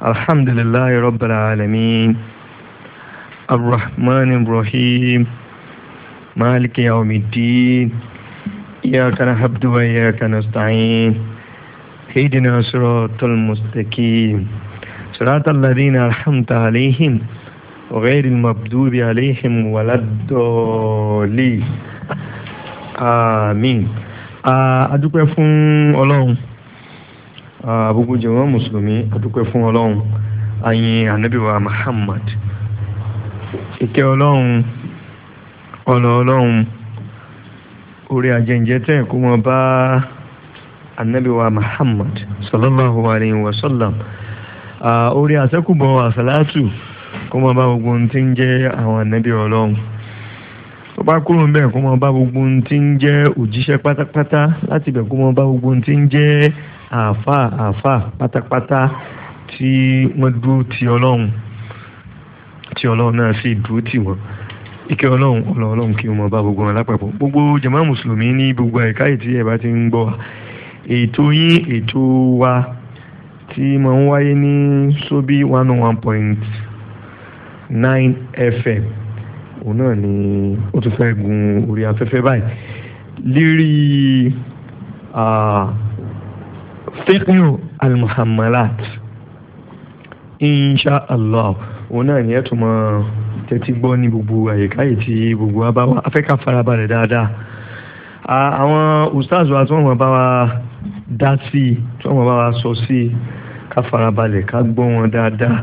الحمد لله رب العالمين الرحمن الرحيم مالك يوم الدين إياك نعبد وإياك نستعين اهدنا صراط المستقيم صراط الذين أنعمت عليهم غير المبدوب عليهم ولا الضالين آمين آه، أدوكم فون أولون àbúgbò jẹ̀wọ́n mùsùlùmí àdúpẹ́ fún ọlọ́run àyìn ànábìwá Muhammad ìkẹ́ ọlọ́run ọlọ́ ọlọ́run orí àjẹǹjẹ́ tẹ̀ kó wọn bá ànábìwá Muhammad sallallahu alayhi wa sallam orí àṣẹ́kùbọ̀ àṣàlátù kó wọn bá gbogbo ohun tí ń jẹ́ àwọn ànábì ọlọ́run tó bá kúrò ń bẹ̀ kó wọn bá gbogbo ohun tí ń jẹ́ òjíṣẹ́ pátápátá láti bẹ̀ kó wọn bá gbogbo ohun tí ń jẹ́ àáfà àáfà pátápátá tí wọ́n dúró ti ọlọ́run tí ọlọ́run náà sì dúró tì wọ́n ìkẹ́ ọlọ́run ọlọ́run kí wọ́n bá gbogbo wọn lápapọ̀ gbogbo jama mùsùlùmí ní gbogbo àyíká yìí tí ẹ bá ti ń gbọ́ wa ètò yín ètò wa tí mo ń wáyé ní sóbí one oh one point nine fm òun náà ni ó tún fẹ́ gun orí afẹ́fẹ́ báyìí lérí fíkìrù almuhammalat insha allah òun náà ni ẹ tún mọ tẹ́tí gbọ́ ní gbogbo àyíká yìí tí gbogbo wa bá wà afẹ́ká farabalẹ̀ dáadáa àwọn ustaz wa tí wọ́n mọ̀ bá wa dá sí i tí wọ́n mọ̀ bá wa sọ sí i ká farabalẹ̀ ká gbọ́ wọn dáadáa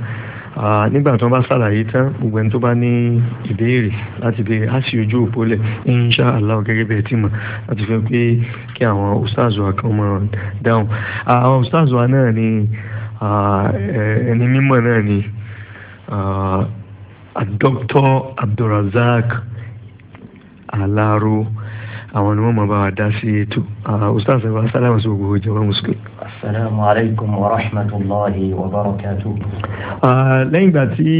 nígbà tí wọ́n bá ṣàlàyé tán gbogbo ẹni tó bá ní ìbéèrè láti béèrè á sì ojú òpó lẹ̀ insha Allah gẹ́gẹ́ bẹ́ẹ̀ tí mọ̀ láti fẹ́ pé kí àwọn ustaz wa kan mọ̀ dáhùn àwọn ustaz wa náà ni ẹni mímọ̀ náà ni Dr. Abdulrazak Alaro àwọn ni wọ́n mọ̀ bá wa dá sí ètò ustaz wa sálámù sí gbogbo ìjọba mùsùlùmí. السلام عليكم ورحمة الله وبركاته lẹ́yìn ìgbà tí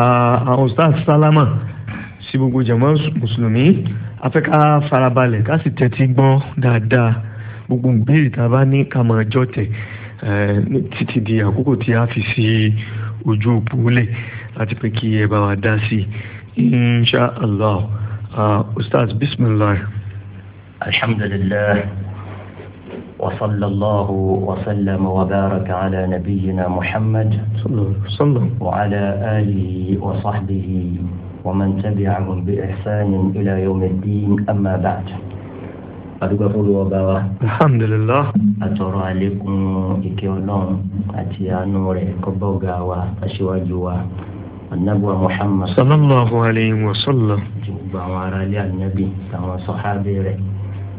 àwọn ustaz sálámà sí gbogbo jàmọ́ mùsùlùmí afẹ́ká farabalẹ̀ ká sì tẹ́tí gbọ́n dáadáa gbogbo ìbéèrè tá a bá ní ká máa jọ tẹ̀ títí di àkókò tí a fi sí ojú òpó lẹ̀ láti pé kí ẹ bá wa dá sí i insha ustaz bismillah. alhamdulillah. وصلى الله وسلم وبارك على نبينا محمد صلى الله عليه وسلم وعلى آله وصحبه ومن تبعهم بإحسان إلى يوم الدين أما بعد أدوك فولو الحمد لله أترى لكم إكيونون أتيا نور كبوغا وأشواجوا النبوة محمد صلى الله عليه وسلم جمع وعلى النبي صحابي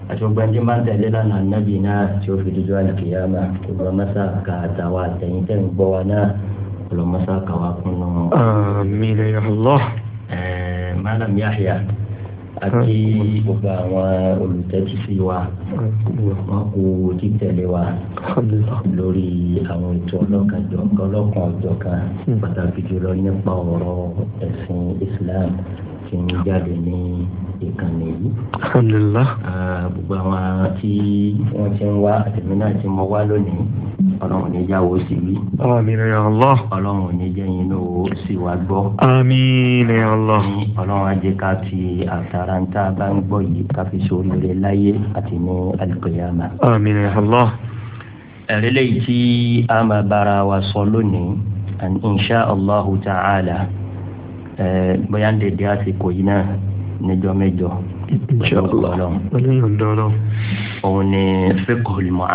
àti gbogbo ẹni tí máa ń tẹ̀lé lánàá nábì náà tí ó fi dúdú àlùkìyàmà gbogbo ọmọọṣà ká àtẹ̀yìn tẹ̀ ń gbọ́ wa náà ọlọmọṣà ká wa kún un. àmín ya Allah. Eh, madam Yahya àti gbogbo àwọn olùtẹ́tísí wa wọn kú títẹ̀lé wa lórí àwọn ètò ọlọ́kan ọjọ́ kan pàtàkì jùlọ nípa ọ̀rọ̀ ẹ̀sìn Islam ti ń jáde ní ìkànnì yìí. alhamdulilah. gbogbo àwọn tí wọ́n ti ń wá àtẹ̀mí náà tí mo wá lónìí ọlọ́run ní já wo sí wí. àmín ya Allah. ọlọ́run ní jẹ́ yín ló sì wá gbọ́. àmín ya Allah. ní ọlọ́run á jẹ́ ká fi àtàràǹtà bá ń gbọ́ yìí ká fi sórí rẹ̀ láyé àti ní al-qiyama. àmín ya Allah. ẹ̀rí lẹ́yìn tí a máa bára wa sọ lónìí and insha Allahu ta'ala bóyá ń dèdè àsìkò yìí náà níjọ́ mẹ́jọ. pẹ̀lú ìyọ̀ndọ́rọ̀. òun ni fẹ́kọ̀ọ́ lè mọ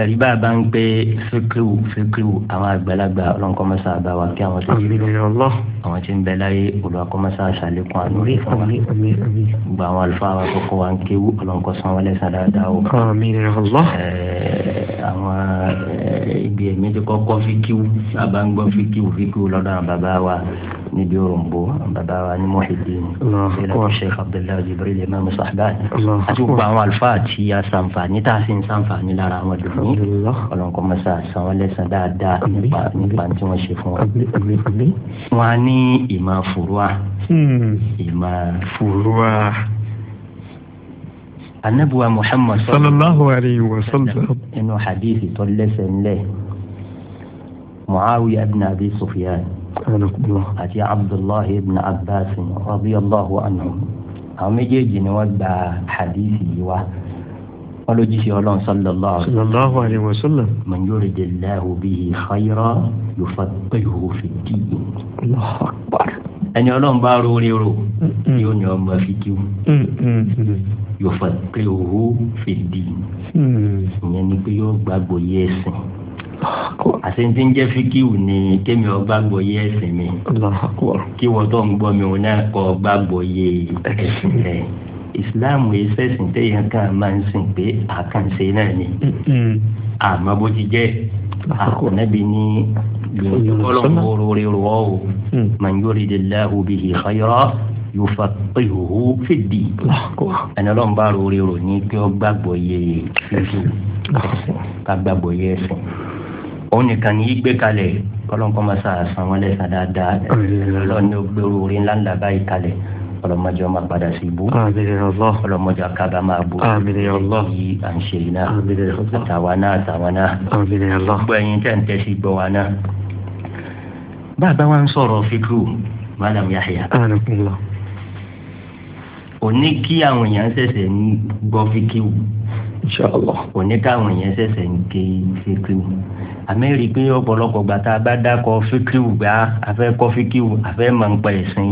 ẹ̀rí bá a bá ń gbé fíkìrù fíkìrù àwọn àgbàlagbà ọlọ́nkọ́mọ́sá àbá wa kí àwọn tó ń bẹ àwọn tí ń bẹ láyé olùwàkọ́mọ́sá àṣàlékún àná orí fún wa gba àwọn àlùfáà wa kọ́kọ́ wa ń kéwú ọlọ́nkọ́sán wọlé sàdáadáa o. àwọn ibi ẹ̀mí ti kọ́kọ́ fíkìrù àbá ń gbọ́ fíkìrù fíkìrù lọ́dọ̀ àwọn bàbá wa níbi òròǹbó bàbá wa ní Muhyiddin Sheikh Abdullahi Jibril Imam Sahbani àti gbogbo àwọn àlùfáà tí a sànfàní tá a fi ń sànfàní lára àwọn dùnmí ọlọ́nkọ́ mọ́sá san wọ́n lẹ́sàn dáadáa nípa nípa tí wọ́n ṣe fún wa. wọn á ní ìmọ̀ fùrúà. Hmm. ìmọ̀ fùrúà. anabuwa Muhammad sallallahu alayhi wa sallam. inú hadithi tó lẹ́sẹ̀ ńlẹ̀ Muawiya ibn Abi Sufyan àti abdullahi ibn abbas radiyallahu anhu àwọn méjèèjì ni wọ́n gba hadithi yìí wá wọ́n ló jíṣẹ́ ọlọ́run sallallahu alayhi wa sallam. man yuridillahu bihi khayran yufaqihu fid-din. Allahu akbar. ẹni ọlọ́run bá rórí ro yóò ní ọmọ fìdíwò yufaqihu fid-din. ìyẹn ni pé yóò gbàgbọ́ yẹ ẹ̀sìn àti tí ń jẹ́ fíkìwù ni kémi ọgbà gbòye ẹ̀sìn mi kí wọ́n tó ń gbọ́ mi òun náà kọ́ ọgbà gbòye ẹ̀sìn rẹ̀ ìsìláàmù ìfẹ̀sìn téèyàn kan máa ń sìn pé àkànṣe náà ni àmọ́ bó ti jẹ́ àkànnábi ní gbìyànjú rere rọ o màá yóò rí dèláhu bí ìkọyọrọ yóò fa ìhòòhò fèdè ẹni ọlọ́run bá rere rò ní kí ọ gbàgbọ́ yẹ fífi ká gbàgbọ́ yẹ ẹ̀sìn o nìkan ní í gbé kalẹ̀ kọ́lọ́nkọ́ máa sa àsan wọn lẹ́sàn dáadáa lọ́ọ́ ní gbèrú orí ńlá ńlá báyìí kalẹ̀ ọlọ́mọdé ọmọ padà sí ibú ọlọ́mọdé akábà máa bú èyí à ń ṣe iná àtàwọn náà àtàwọn náà gbọ́ ẹyin tẹ̀ ń tẹ́sí gbọ́ wa náà. bàbá wa ń sọ̀rọ̀ fíkú madam yahya òní kí àwọn èèyàn ṣẹ̀ṣẹ̀ gbọ́ fíkú inshallah. kò ní káwọn yẹn ṣẹ̀ṣẹ̀ ń ké fíkìwù àmẹ́rì pé ọ̀pọ̀lọpọ̀ gbà tá a bá dákọ̀ fíkìwù gbà afẹ́ ah, kọ́ fíkìwù afẹ́ máa ń pa ẹ̀sìn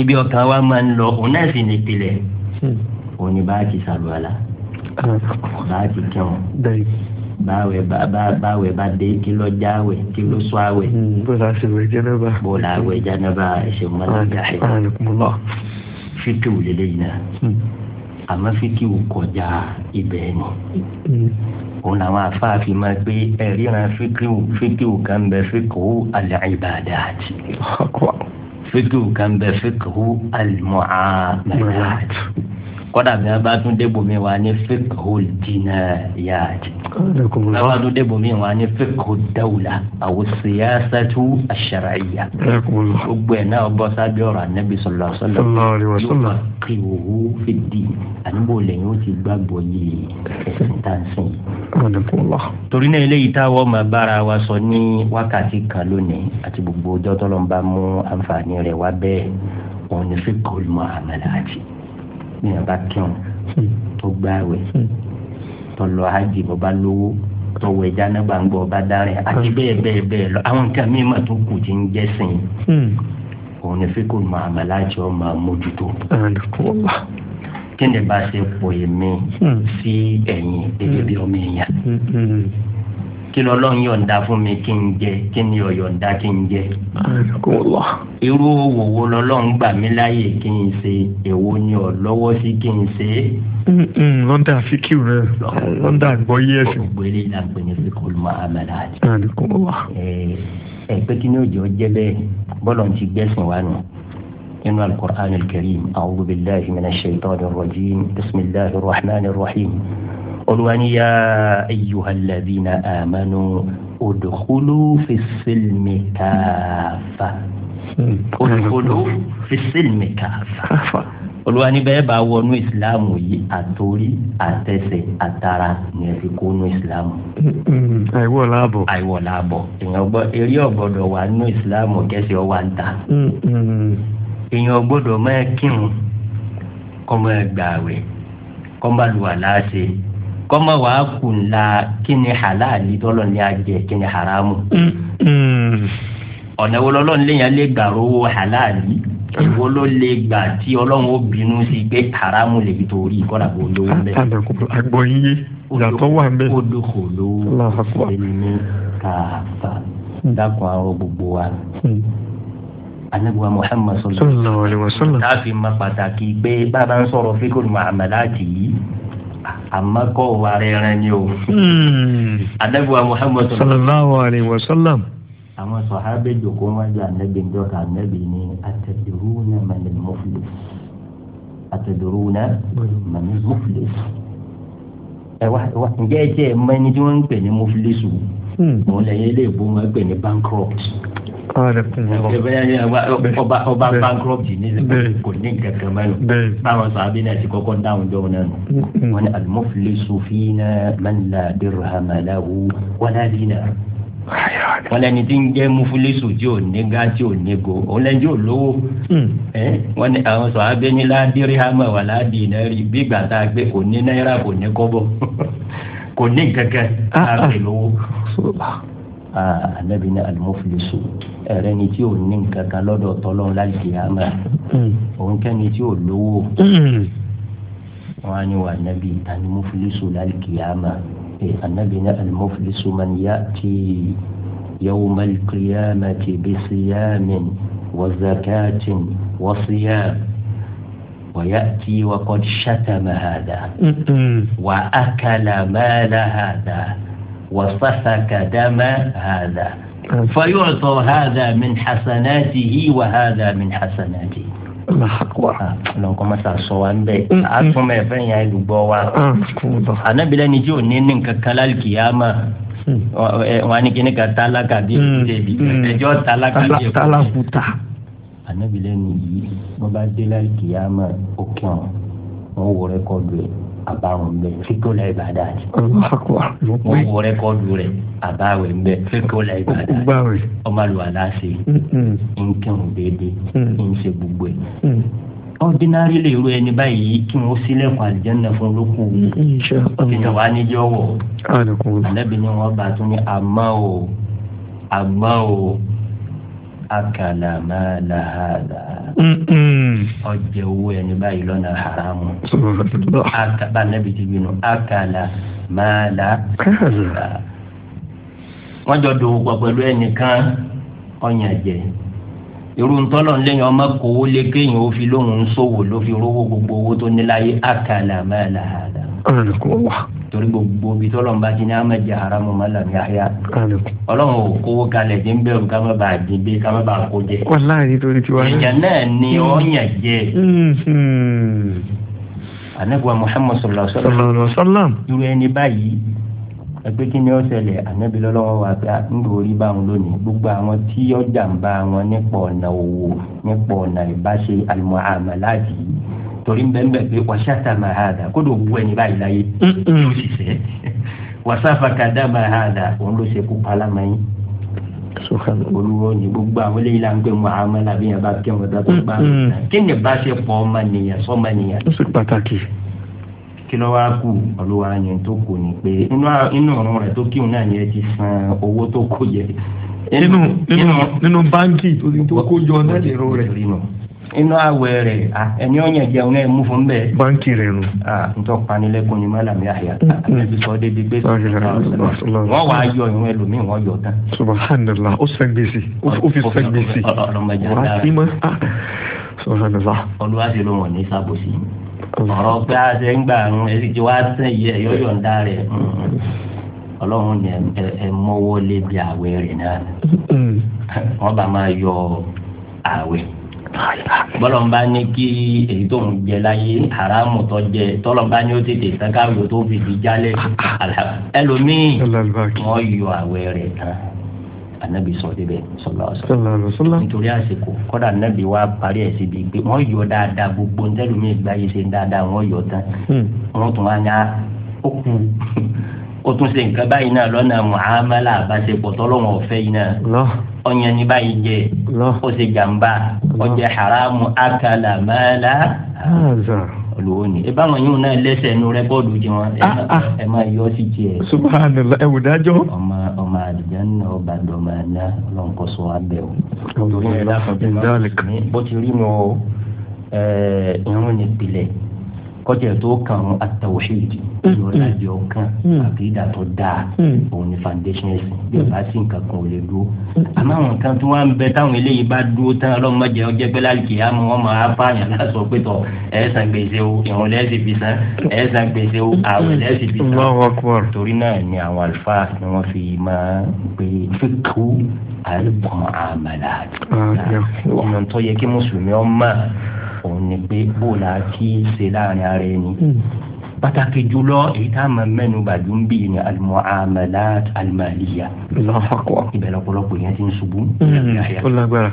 ibi ọkàn wa máa ń lọ òun náà sì ní ìpìlẹ̀ hmm. òun ni bá a ti sàlùwàlà bá a ti kẹwọn báwẹ̀ báwẹ̀ bá dé kí ló jáwẹ̀ kí ló sọ àwẹ̀. Hmm, bọ́lá àṣewẹ̀ jẹ́nẹ́bà. bọ́lá àwẹ̀ jẹ́nẹ́bà ẹ̀ṣẹ̀ mọ́lá gáà. fíkìwù àmọ́ fíkì ò kọjá ibẹ̀ ni òun làwọn afáàfin máa gbé ẹ̀ríran fíkì ò fíkì ò kan bẹ fíkì ò àlẹ́ ìbàdà kan bẹ fíkì ò àlùmọ́ àmàlà kọ́dà mi bá tún débò mi wá ní fíkòó dínà yáàdì bá tún débò mi wá ní fíkòó dáwùlà àwòsíyásátú àṣàràyà gbogbo ẹ̀ náà bọ́ sábẹ́ ọ̀rọ̀ anábì sọ̀lá sọ̀lá yóò máa kí owó fìdí àníbò lẹ́yìn ó ti gbàgbọ́ yìí ẹ̀sìntànsìn. torí náà eléyìí táwọn ọmọ bára wa sọ ní wákàtí kan lónìí àti gbogbo ọjọ́ tọ́lọ́mbà mú àǹfààní rẹ̀ wá bẹ́ẹ̀ òun ni fíkòó mọ́ àmàlà àti èèyàn bá kírun tó gbààwẹ̀ tó lọ hajj bó bá lówó tó wẹ̀ jánábà ń gbọ́ bá dárẹ̀ àti bẹ́ẹ̀ bẹ́ẹ̀ bẹ́ẹ̀ lọ àwọn nǹkan míì mà tó kù ti ń jẹ́ sìn hmm. òun ni fíkò máa mà láti ọ máa mójútó. kí ni bá ṣe pò èmi hmm. sí ẹ̀yìn gẹ́gẹ́ bí ọmọ èèyàn. Hmm, kí lọ́lọ́run yọ̀ǹda fún mi kí n jẹ kí ni ọ̀yọ̀ǹda kí n jẹ. irú owó wo lọ́lọ́run gbà mí láàyè kí n ṣe èwo ni ọ̀ lọ́wọ́ sí kí n ṣe é. lọ́ndà fíkìú rẹ lọ́ndà gbọ́ yẹ́sì. ògbélé la ń pè ní fíkọ́lù mahamadu àti. ẹ pé kí ni òjò jẹ bẹ́ẹ̀ bọ́lọ̀ ti gbẹ̀sìn wa nù. إن القرآن الكريم أعوذ بالله من الشيطان الرجيم بسم الله الرحمن الرحيم olùwàní yá ayyuhalladhina amanu udkhulu fi silmi kaafa hmm. udkhulu fi silmi kaafa olùwàní bẹ́ẹ̀ bá wọnú ìsìláàmù yìí àtòrí àtẹsẹ̀ àtara ni ẹ fi kó nú ìsìláàmù. Hmm. àìwọ̀ làbọ̀. àìwọ̀ làbọ̀ èèyàn gbọ́ eré ọ̀gbọ́dọ̀ wà nú ìsìláàmù kẹsì ọ̀wà ń ta. Hmm, èèyàn gbọ́dọ̀ máa kírun kọ́ máa gbààwẹ̀ kọ́ máa lù wà kọ́mọ wàá kùn la kí ni halali tọ́lọ̀ ní ajẹ́ kí ni haramu. Mm, mm. ọ̀nà wo lọ́lọ́run léèyàn lè gbà rówó halali ìwo ló lè gbà tí ọlọ́run ó bínú sí pé haramu lè fi torí kọ́ra kó lówó bẹ́ẹ̀. àtàlẹ́kùn àgbọ̀ yíyé ìyàtọ̀ wà ń bẹ̀. ó dókò lówó ẹni kàfà mm. dákun àrùn gbogbo wa. anabiwa muhammad sallallahu alaihi wasallam. táàfin ma pàtàkì pé bàbá ń sọ̀rọ̀ fíkùn muhammadati yìí. a kọ́ wa rẹ̀rẹ̀ ni o. anabiwa muhammadu sallallahu alayhi wa sallam. àwọn sọ̀hábẹ́ jòkó ma jẹ́ anabi njọ́ ká anabi ni ataduruna manil muflis muflis. ẹ eh, wá ǹjẹ́ ẹ jẹ́ ẹ mọ ẹni tí muflisu. Hmm. ọba ọba bankrupt ní kò ní kankan mẹ́nu báwọn sọ abiná ti kọ́kọ́ dáhùn jọ́ náà nù mm-hmm. wọn ni al-muflisu fina man la dirhama lahu wala dinar wọn lẹni tí ń jẹ mufulisu tí ò ní ga tí ò ní go òun lẹni tí ò lówó mm. wọn ni àwọn sọ abẹni ládìrí hama wà ládì náírà bí gbàtà gbé kò ní náírà kò ní kọ́bọ̀ kò ní kankan àbẹ ah, ah. lówó anabi ní alimofilisu ẹrẹ ni tí o ní nǹkan kan lọ́dọ̀ tọlọ láti yàrá òun kẹni tí o lówó wọn á ní wa anabi alimofilisu láti yàrá anabi ní alimofilisu man ya'ti yawma al-qiyamati bi siyamin wa zakatin wa shatama hadha wa akala mala hadha. وصفك دم هذا فيعطى هذا من حسناته وهذا من حسناته lọ́nkọ́ máa sàṣọ wa ń bẹ̀ á tún bẹ̀ fẹ́ yẹn lùgbọ́ wa ànábìlẹ̀ ni jò ní ní nǹkan kan lálùkìyàmà wọn ni kíni ka tálákà bí ẹbí ẹjọ́ tálákà bí ẹbí tálákùtà ànábìlẹ̀ ni yìí wọ́n bá dé lálùkìyàmà ó kí wọn wọ́n wọ rẹ́kọ̀dù ẹ̀ àbáwọ̀ ń bẹ fíkọ́lá ìbàdà àti. wọ́n wọ rẹ́kọ́ọ̀dù rẹ̀ àbáwẹ̀ ń bẹ fíkọ́lá ìbàdà àti. ọmọ àlùwà láṣẹ ń kírun déédéé mm. ń ṣe gbogbo ẹ̀ mm. ordinary lè ro ẹni báyìí kí wọn sílẹ̀kùn àlìjẹnà fún olókùn títàn wá níjẹ ọwọ ànábì ni wọn bá tún ní àmọ́ o àmọ́ o akala mala hada. ọjẹ owó ẹni báyìí lọ́nà haramu. akaba anabi ti bínú akala mala hada. wọ́n jọ dòwò pọ̀ pẹ̀lú ẹnìkan ọ̀yàn jẹ irú ntọ́lọ̀ lẹ́yìn ọmọ kòwó lé kéèyàn ó fi lóhùn ń ṣòwò ló fi rówó gbogbo owó tó níláyé akala mala hada torí gbogbo bí tọ́lọ́n bá ti ní àmọ́ jẹ́ haramu malam yahya ọlọ́run ò kówó kalẹ̀ jẹ́ ń bẹ̀rù ká má bàa dín bí ká má bàa kó jẹ. wàláyé torí ti wá. èèyàn náà ni ọ̀yàn hmm. jẹ. anagba hmm. muhammad sallallahu alaihi wa sallam dúró ẹni báyìí ẹgbẹ́ kí ni ó ṣẹlẹ̀ ànábi lọ́lọ́wọ́ wa pé nítorí bá wọn lónìí gbogbo àwọn tí ọjà ń bá wọn nípa ọ̀nà òwò nípa ọ̀nà ìbáṣe àlùmọ́ àmàlà yìí torí bẹ́ẹ̀ pé wàṣàtà máa ha dà kódò bu ẹni báyìí láyé ló sì sẹ́ wàṣàfà kàdá máa ha dà òun ló ṣe kú palama yín. olùwọ́ ni gbogbo àwọn eléyìí là ń gbé bá kí wọn dàgbà gbà kí ni bá ṣe pọ̀ ọmọ nìyẹn sọ́mọ nìyẹn. ó sì pàtàkì. kí ló wá kù olúwa yẹn tó kù ni pé inú ọ̀run rẹ̀ tó kíun náà yẹn ti san owó tó kó jẹ. nínú nínú báńkì tó kó jọ náà lè ro rẹ̀ inú àwẹ̀ rẹ̀ ẹni ọ̀yàn jẹun náà mú fún bẹ́ẹ̀. báńkì rẹ̀ nù. ntọ́ panilẹ́kùn ni mọ́lá mi àyà àbẹ̀bí sọ débi gbé sọ́ọ́ wọ́n wá yọ ìwọ̀n ẹlòmíì wọ́n yọ tán. subhanallah ó sẹ́ gbèsè ó fi sẹ́ gbèsè wọ́n á sí mọ́ ah, subhanallah. olùwàsí ló wọ̀ ní sábòsí ọ̀rọ̀ pé a ṣe ń gbà ń ẹ̀rí tí wàá sẹ́yìn ẹ̀yọ́ yọ̀ǹda rẹ̀ mm-hmm. ọlọ́run ni ẹ mọ́wọ́ lébi àwẹ̀ rẹ̀ náà mm-hmm. wọ́n bá máa yọ àwẹ̀ bọ́lọ̀mbá ní kí èyí tó ń jẹ láyé haramu tó jẹ tọ́lọ̀mbá ní ó tètè sankáwé tó fi fi jálẹ̀ ẹlòmíì wọ́n yọ àwẹ̀ rẹ̀ tán anabi sọ de bẹ sọlá ọsọ nítorí àsìkò kódà anabi wa parí ẹ síbi pé wọn yọ dáadáa gbogbo ntẹlumi ìgbà yìí ṣe dáadáa wọn yọ tán hmm. wọn tún wá ní a ah, ó kú ó tún ṣe nǹkan báyìí náà lọ́nà muhamala àbáṣepọ̀ tọ́lọ́wọ́n ọ̀fẹ́ yìí náà ọ̀yàn ní báyìí jẹ ó ṣe jàǹbá ọjà haramu akala mala olùwò ni ẹ báwọn yóò náà lẹ́sẹ̀ nu rẹ́kọ́ọ̀dù jẹ wọn ah, ah. ẹ máa yọ sí tiẹ̀. subhanallah ẹ wò dájọ́. ọmọ ọmọ àlùjáná ọba dọ̀mọ̀ àná ọlọ́nkọ́sọ abẹ́ o. torí ẹ dákun bó ti rí mi o ìrún ni pilẹ̀ kọjá tó kàn àtàwọ̀ṣẹ́yìí mm, yọ̀ọ́dá mm. jọ kan mm. àkìdá tó dáa òun ni foundation ẹ̀sìn bí o bá sì ń kankan ò lè dúró. àmọ́ àwọn kan tó wá ń bẹ táwọn eléyìí bá dúró tán ọlọ́run má jẹ́ ọjẹ́ pẹ́lá kì í á mú wọn máa fààyàn láṣọ pé tọ̀ ẹ̀ san gbèsè o ìrùn lẹ́sìn fi san ẹ̀ san gbèsè o àwẹ̀ lẹ́sìn fi san. torí náà ni àwọn àlùfáà ni wọ́n fi máa ń pe fíkú àlùkò àmàlà àti tó yẹ kí mùsùlùmí ọ òun ni pé bó la kí ṣe láàrin ara ẹni hmm. pàtàkì jùlọ èyí tá a máa mẹ́nu bàjú ń bì ní al-mu'amalat al-maliyya. ibẹ̀ lọ́pọ̀lọpọ̀ yẹn ti ń ṣubú. Hmm. ó lágbára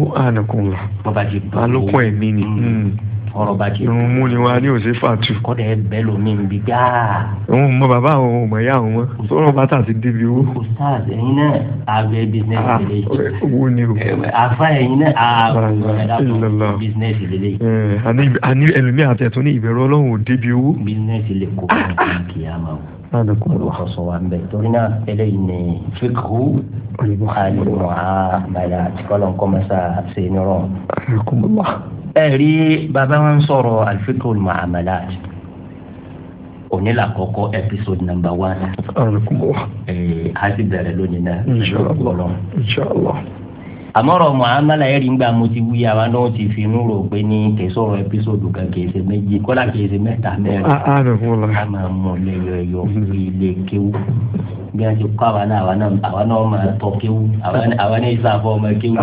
ó ànàkùn la. bàbá ti bá a lókun ẹ̀mí ni. Hmm ọ̀rọ̀ bàjẹ́. irun mú ni wa ni ò sí fàtú. kọ́dà ẹ bẹ́ẹ̀ lomi ń bi gbáà. òun mọ bàbá àwọn ọmọ ìyá àwọn mọ sọ̀rọ̀ bàtà ti débi owó. ustaz ẹ̀yin náà abẹ bisinẹsi lele. owó ni o. afa ẹ̀yin náà abẹ bisinẹsi lele. ani ẹlòmíì àti ẹ̀tọ́ ní ìbẹ̀rù ọlọ́run ò débi owó. bisinẹsi lè kó kàn ah, ah. kí a máa wò hada kuma lu xaso waa mbay torina elayne fikhu almucaalimu caamala tikolon komasa seniron rahimakumullah ẹ̀rí bàbá wọn sọ̀rọ̀ al-fiqhul mu'amalat òní la kọ́kọ́ episode number one. Eh, a ti bẹ̀rẹ̀ lónìí náà. inshallah inshallah àmọ́rọ̀ muhammadu ayẹ́rì ń gbà mo ti wí àwa náà ti fi inú rò pé ní kẹsọ̀rọ̀ ẹpísòdù kan kẹsẹ̀ méjì kọ́lá kẹsẹ̀ mẹ́ta mẹ́rin a máa mọ̀ lẹ́yọ ẹ̀yọ ilé kéwú bí a ti kọ́ àwa náà àwa náà àwa náà máa tọ́ kéwú àwa náà ìsàfọ́ ọmọ kéwú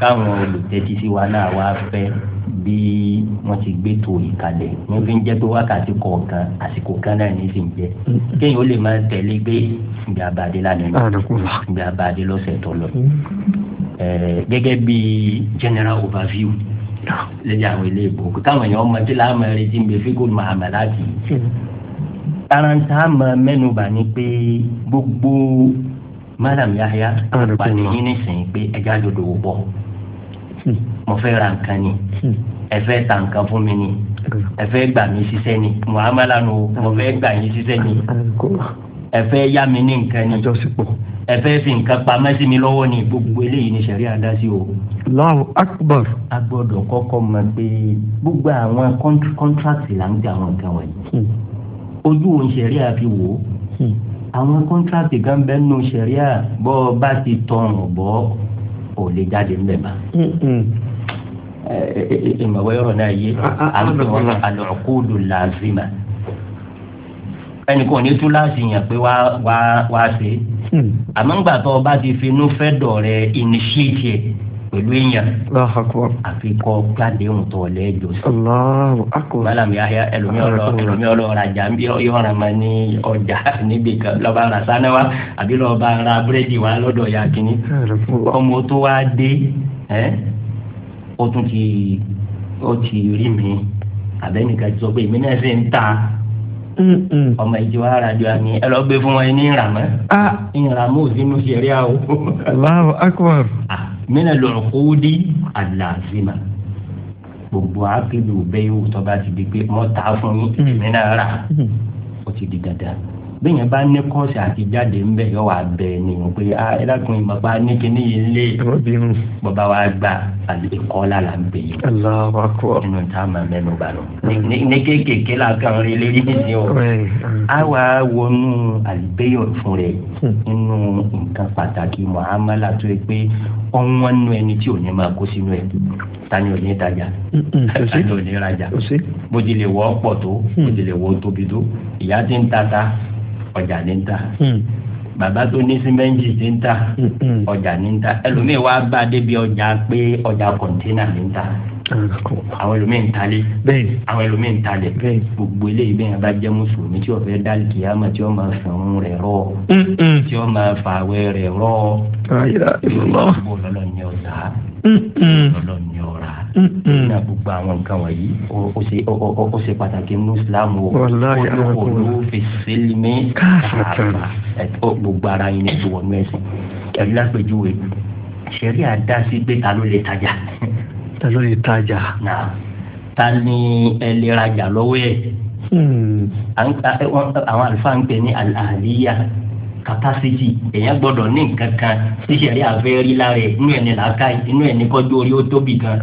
káwọn olùtẹ́tí sí wa náà wá fẹ́ bí wọ́n ti gbé tó ìkàlẹ̀ ní fi ń jẹ́ pé wákàtí kọ̀ọ̀kan àsìkò kan náà ní fi ń jẹ́ mm-hmm. kéèyàn ó lè máa tẹ̀lé gbé ìgbà àbàdé lánàá ìgbà àbàdé lọ́sẹ̀ tó lọ. Mm-hmm. gẹ́gẹ́ bí general overview lẹ́yìn àwọn ilé ìbò káwọn èèyàn ọmọ tí láàmú ẹrẹ ti ń gbé fígùn mahamala jì í. mọ mẹ́nuba ni pé gbogbo madam yahya pàdé yín nísìnyí pé ẹja dodo wò bọ̀. Mm-hmm mo fẹ́ ra nǹkan ni hmm. ẹ fẹ́ ta nǹkan fún mi ni ẹ fẹ́ gbà mí ṣiṣẹ́ ni muhammadu anu mo fẹ́ gbà yín ṣiṣẹ́ ni ẹ fẹ́ yá mi ní nǹkan ni ẹ fẹ́ fi nǹkan pamẹ́ sí mi lọ́wọ́ ni gbogbo eléyìí ni sẹ̀rí adásí o. Allahu akbar. a gbọ́dọ̀ kọ́kọ́ mọ̀ pé gbogbo àwọn kọ́ńtrákì là ń gbé àwọn nǹkan wọ̀nyí hmm. ojú òun sẹ̀rí àfi wò ó hmm. àwọn kọ́ńtrákì kan bẹ́ẹ̀ nù sẹ̀rí à bọ́ bá ti tọrùn bọ́ ò lè jáde ńbẹ̀ bá ìmọ̀wé ọ̀rọ̀ náà yé alọ́kúdù làzima ẹnì kan ní túláàsì yẹn pé wá wá wá ṣe hmm. àmọ́ ńgbà tó o bá ti finú fẹ́ dọ̀ rẹ initiate yẹ pẹ̀lú èèyàn àfikọ́ gbàdéhùn tó lẹ́jọ́ sí. bálàmì ayá ẹlòmí ọlọ́ọ̀rọ̀ ajá yọ̀ọ̀rọ̀ ma ní ọjà níbi kan lọ́ba ara sanáwá àbí lọ́ba ara búrẹ́dì wa lọ́dọ̀ ya kínní ọmọ tó wá dé ẹ́ ó tún ti ó ti rí mi àbẹ́nìkan ti sọ pé èmi náà ṣe ń ta ọmọ ìjọ arajo àmì ẹ lọ gbé fún wọn ní ìràmọ. ìràmọ òsínú ṣẹlẹ àwọ. Allahu akbar. mina lọ́kùúdí àlàáfíà gbogbo akéde òbẹ́yẹ òtọ́ bá ti di pé wọ́n ta fún yín mm. mina ra mm. ó ti di dandan bí yẹn bá ní kọ́ọ̀sì àti jáde ń bẹ̀ yọ wà bẹ̀ ni o pé a ah, ẹ dákun yìí bàbá ní kíní yìí lé bàbá wa gba àlùkọ́lá là ń bẹ̀ yìí. nínú tá a máa mẹ́nu bá lọ. Mm. ní kéékèèké la kàn rí lérí nídìí o. a wà wọnú àlùbẹ́yọ̀ fún rẹ̀ hmm. nínú nǹkan pàtàkì muhammadu tó yẹ pé ọ̀wọ́n nù ẹni tí ò máa kó sínú ẹ̀ tani ò tajà tani ò rajà bó tilẹ̀ wọ́ pọ̀ tó bó hmm. tilẹ̀ wọ́ tóbi tó ìyá ti ń tata ọjà ní ta hmm. bàbá tó ní símẹ́ǹtì ti ń ta hmm, hmm. ọjà ní ta ẹlòmíì wá bá débi ọjà pé ọjà kọ̀ǹtínà ní ta àwọn ẹlòmíì ń talé àwọn ẹlòmíì ń talé gbogbo eléyìí bẹ́ẹ̀ bá jẹ́ mùsùlùmí tí wọ́n fẹ́ dálì kìyàmà tí wọ́n máa fẹ̀hún rẹ̀ rọ tí wọ́n máa fàwẹ́ rẹ̀ rọ. ayé lọ́lọ́ ni ọ̀tá. lọ́lọ́ ni ní gbogbo àwọn nǹkan wọ̀nyí ó ṣe pàtàkì ní islam o olú fi sílímì káàfà gbogbo ara yín ní ìwọ̀nú ẹ̀sìn ẹ̀rí lápèjúwe ṣẹ̀rí àdásí gbé ta ló lè tajà. ta ló lè tajà. ta ni ẹ lè rajà lọ́wọ́ ẹ̀. Hmm. àwọn àlùfáà ń pè ní àlàyé Capacity. èèyàn gbọ́dọ̀ ní nǹkan kan tíṣẹ̀rí àfẹ́ rí lára ẹ̀ inú ẹ̀ ní làákà inú ẹ̀ ní kọjú orí ó tóbi gan.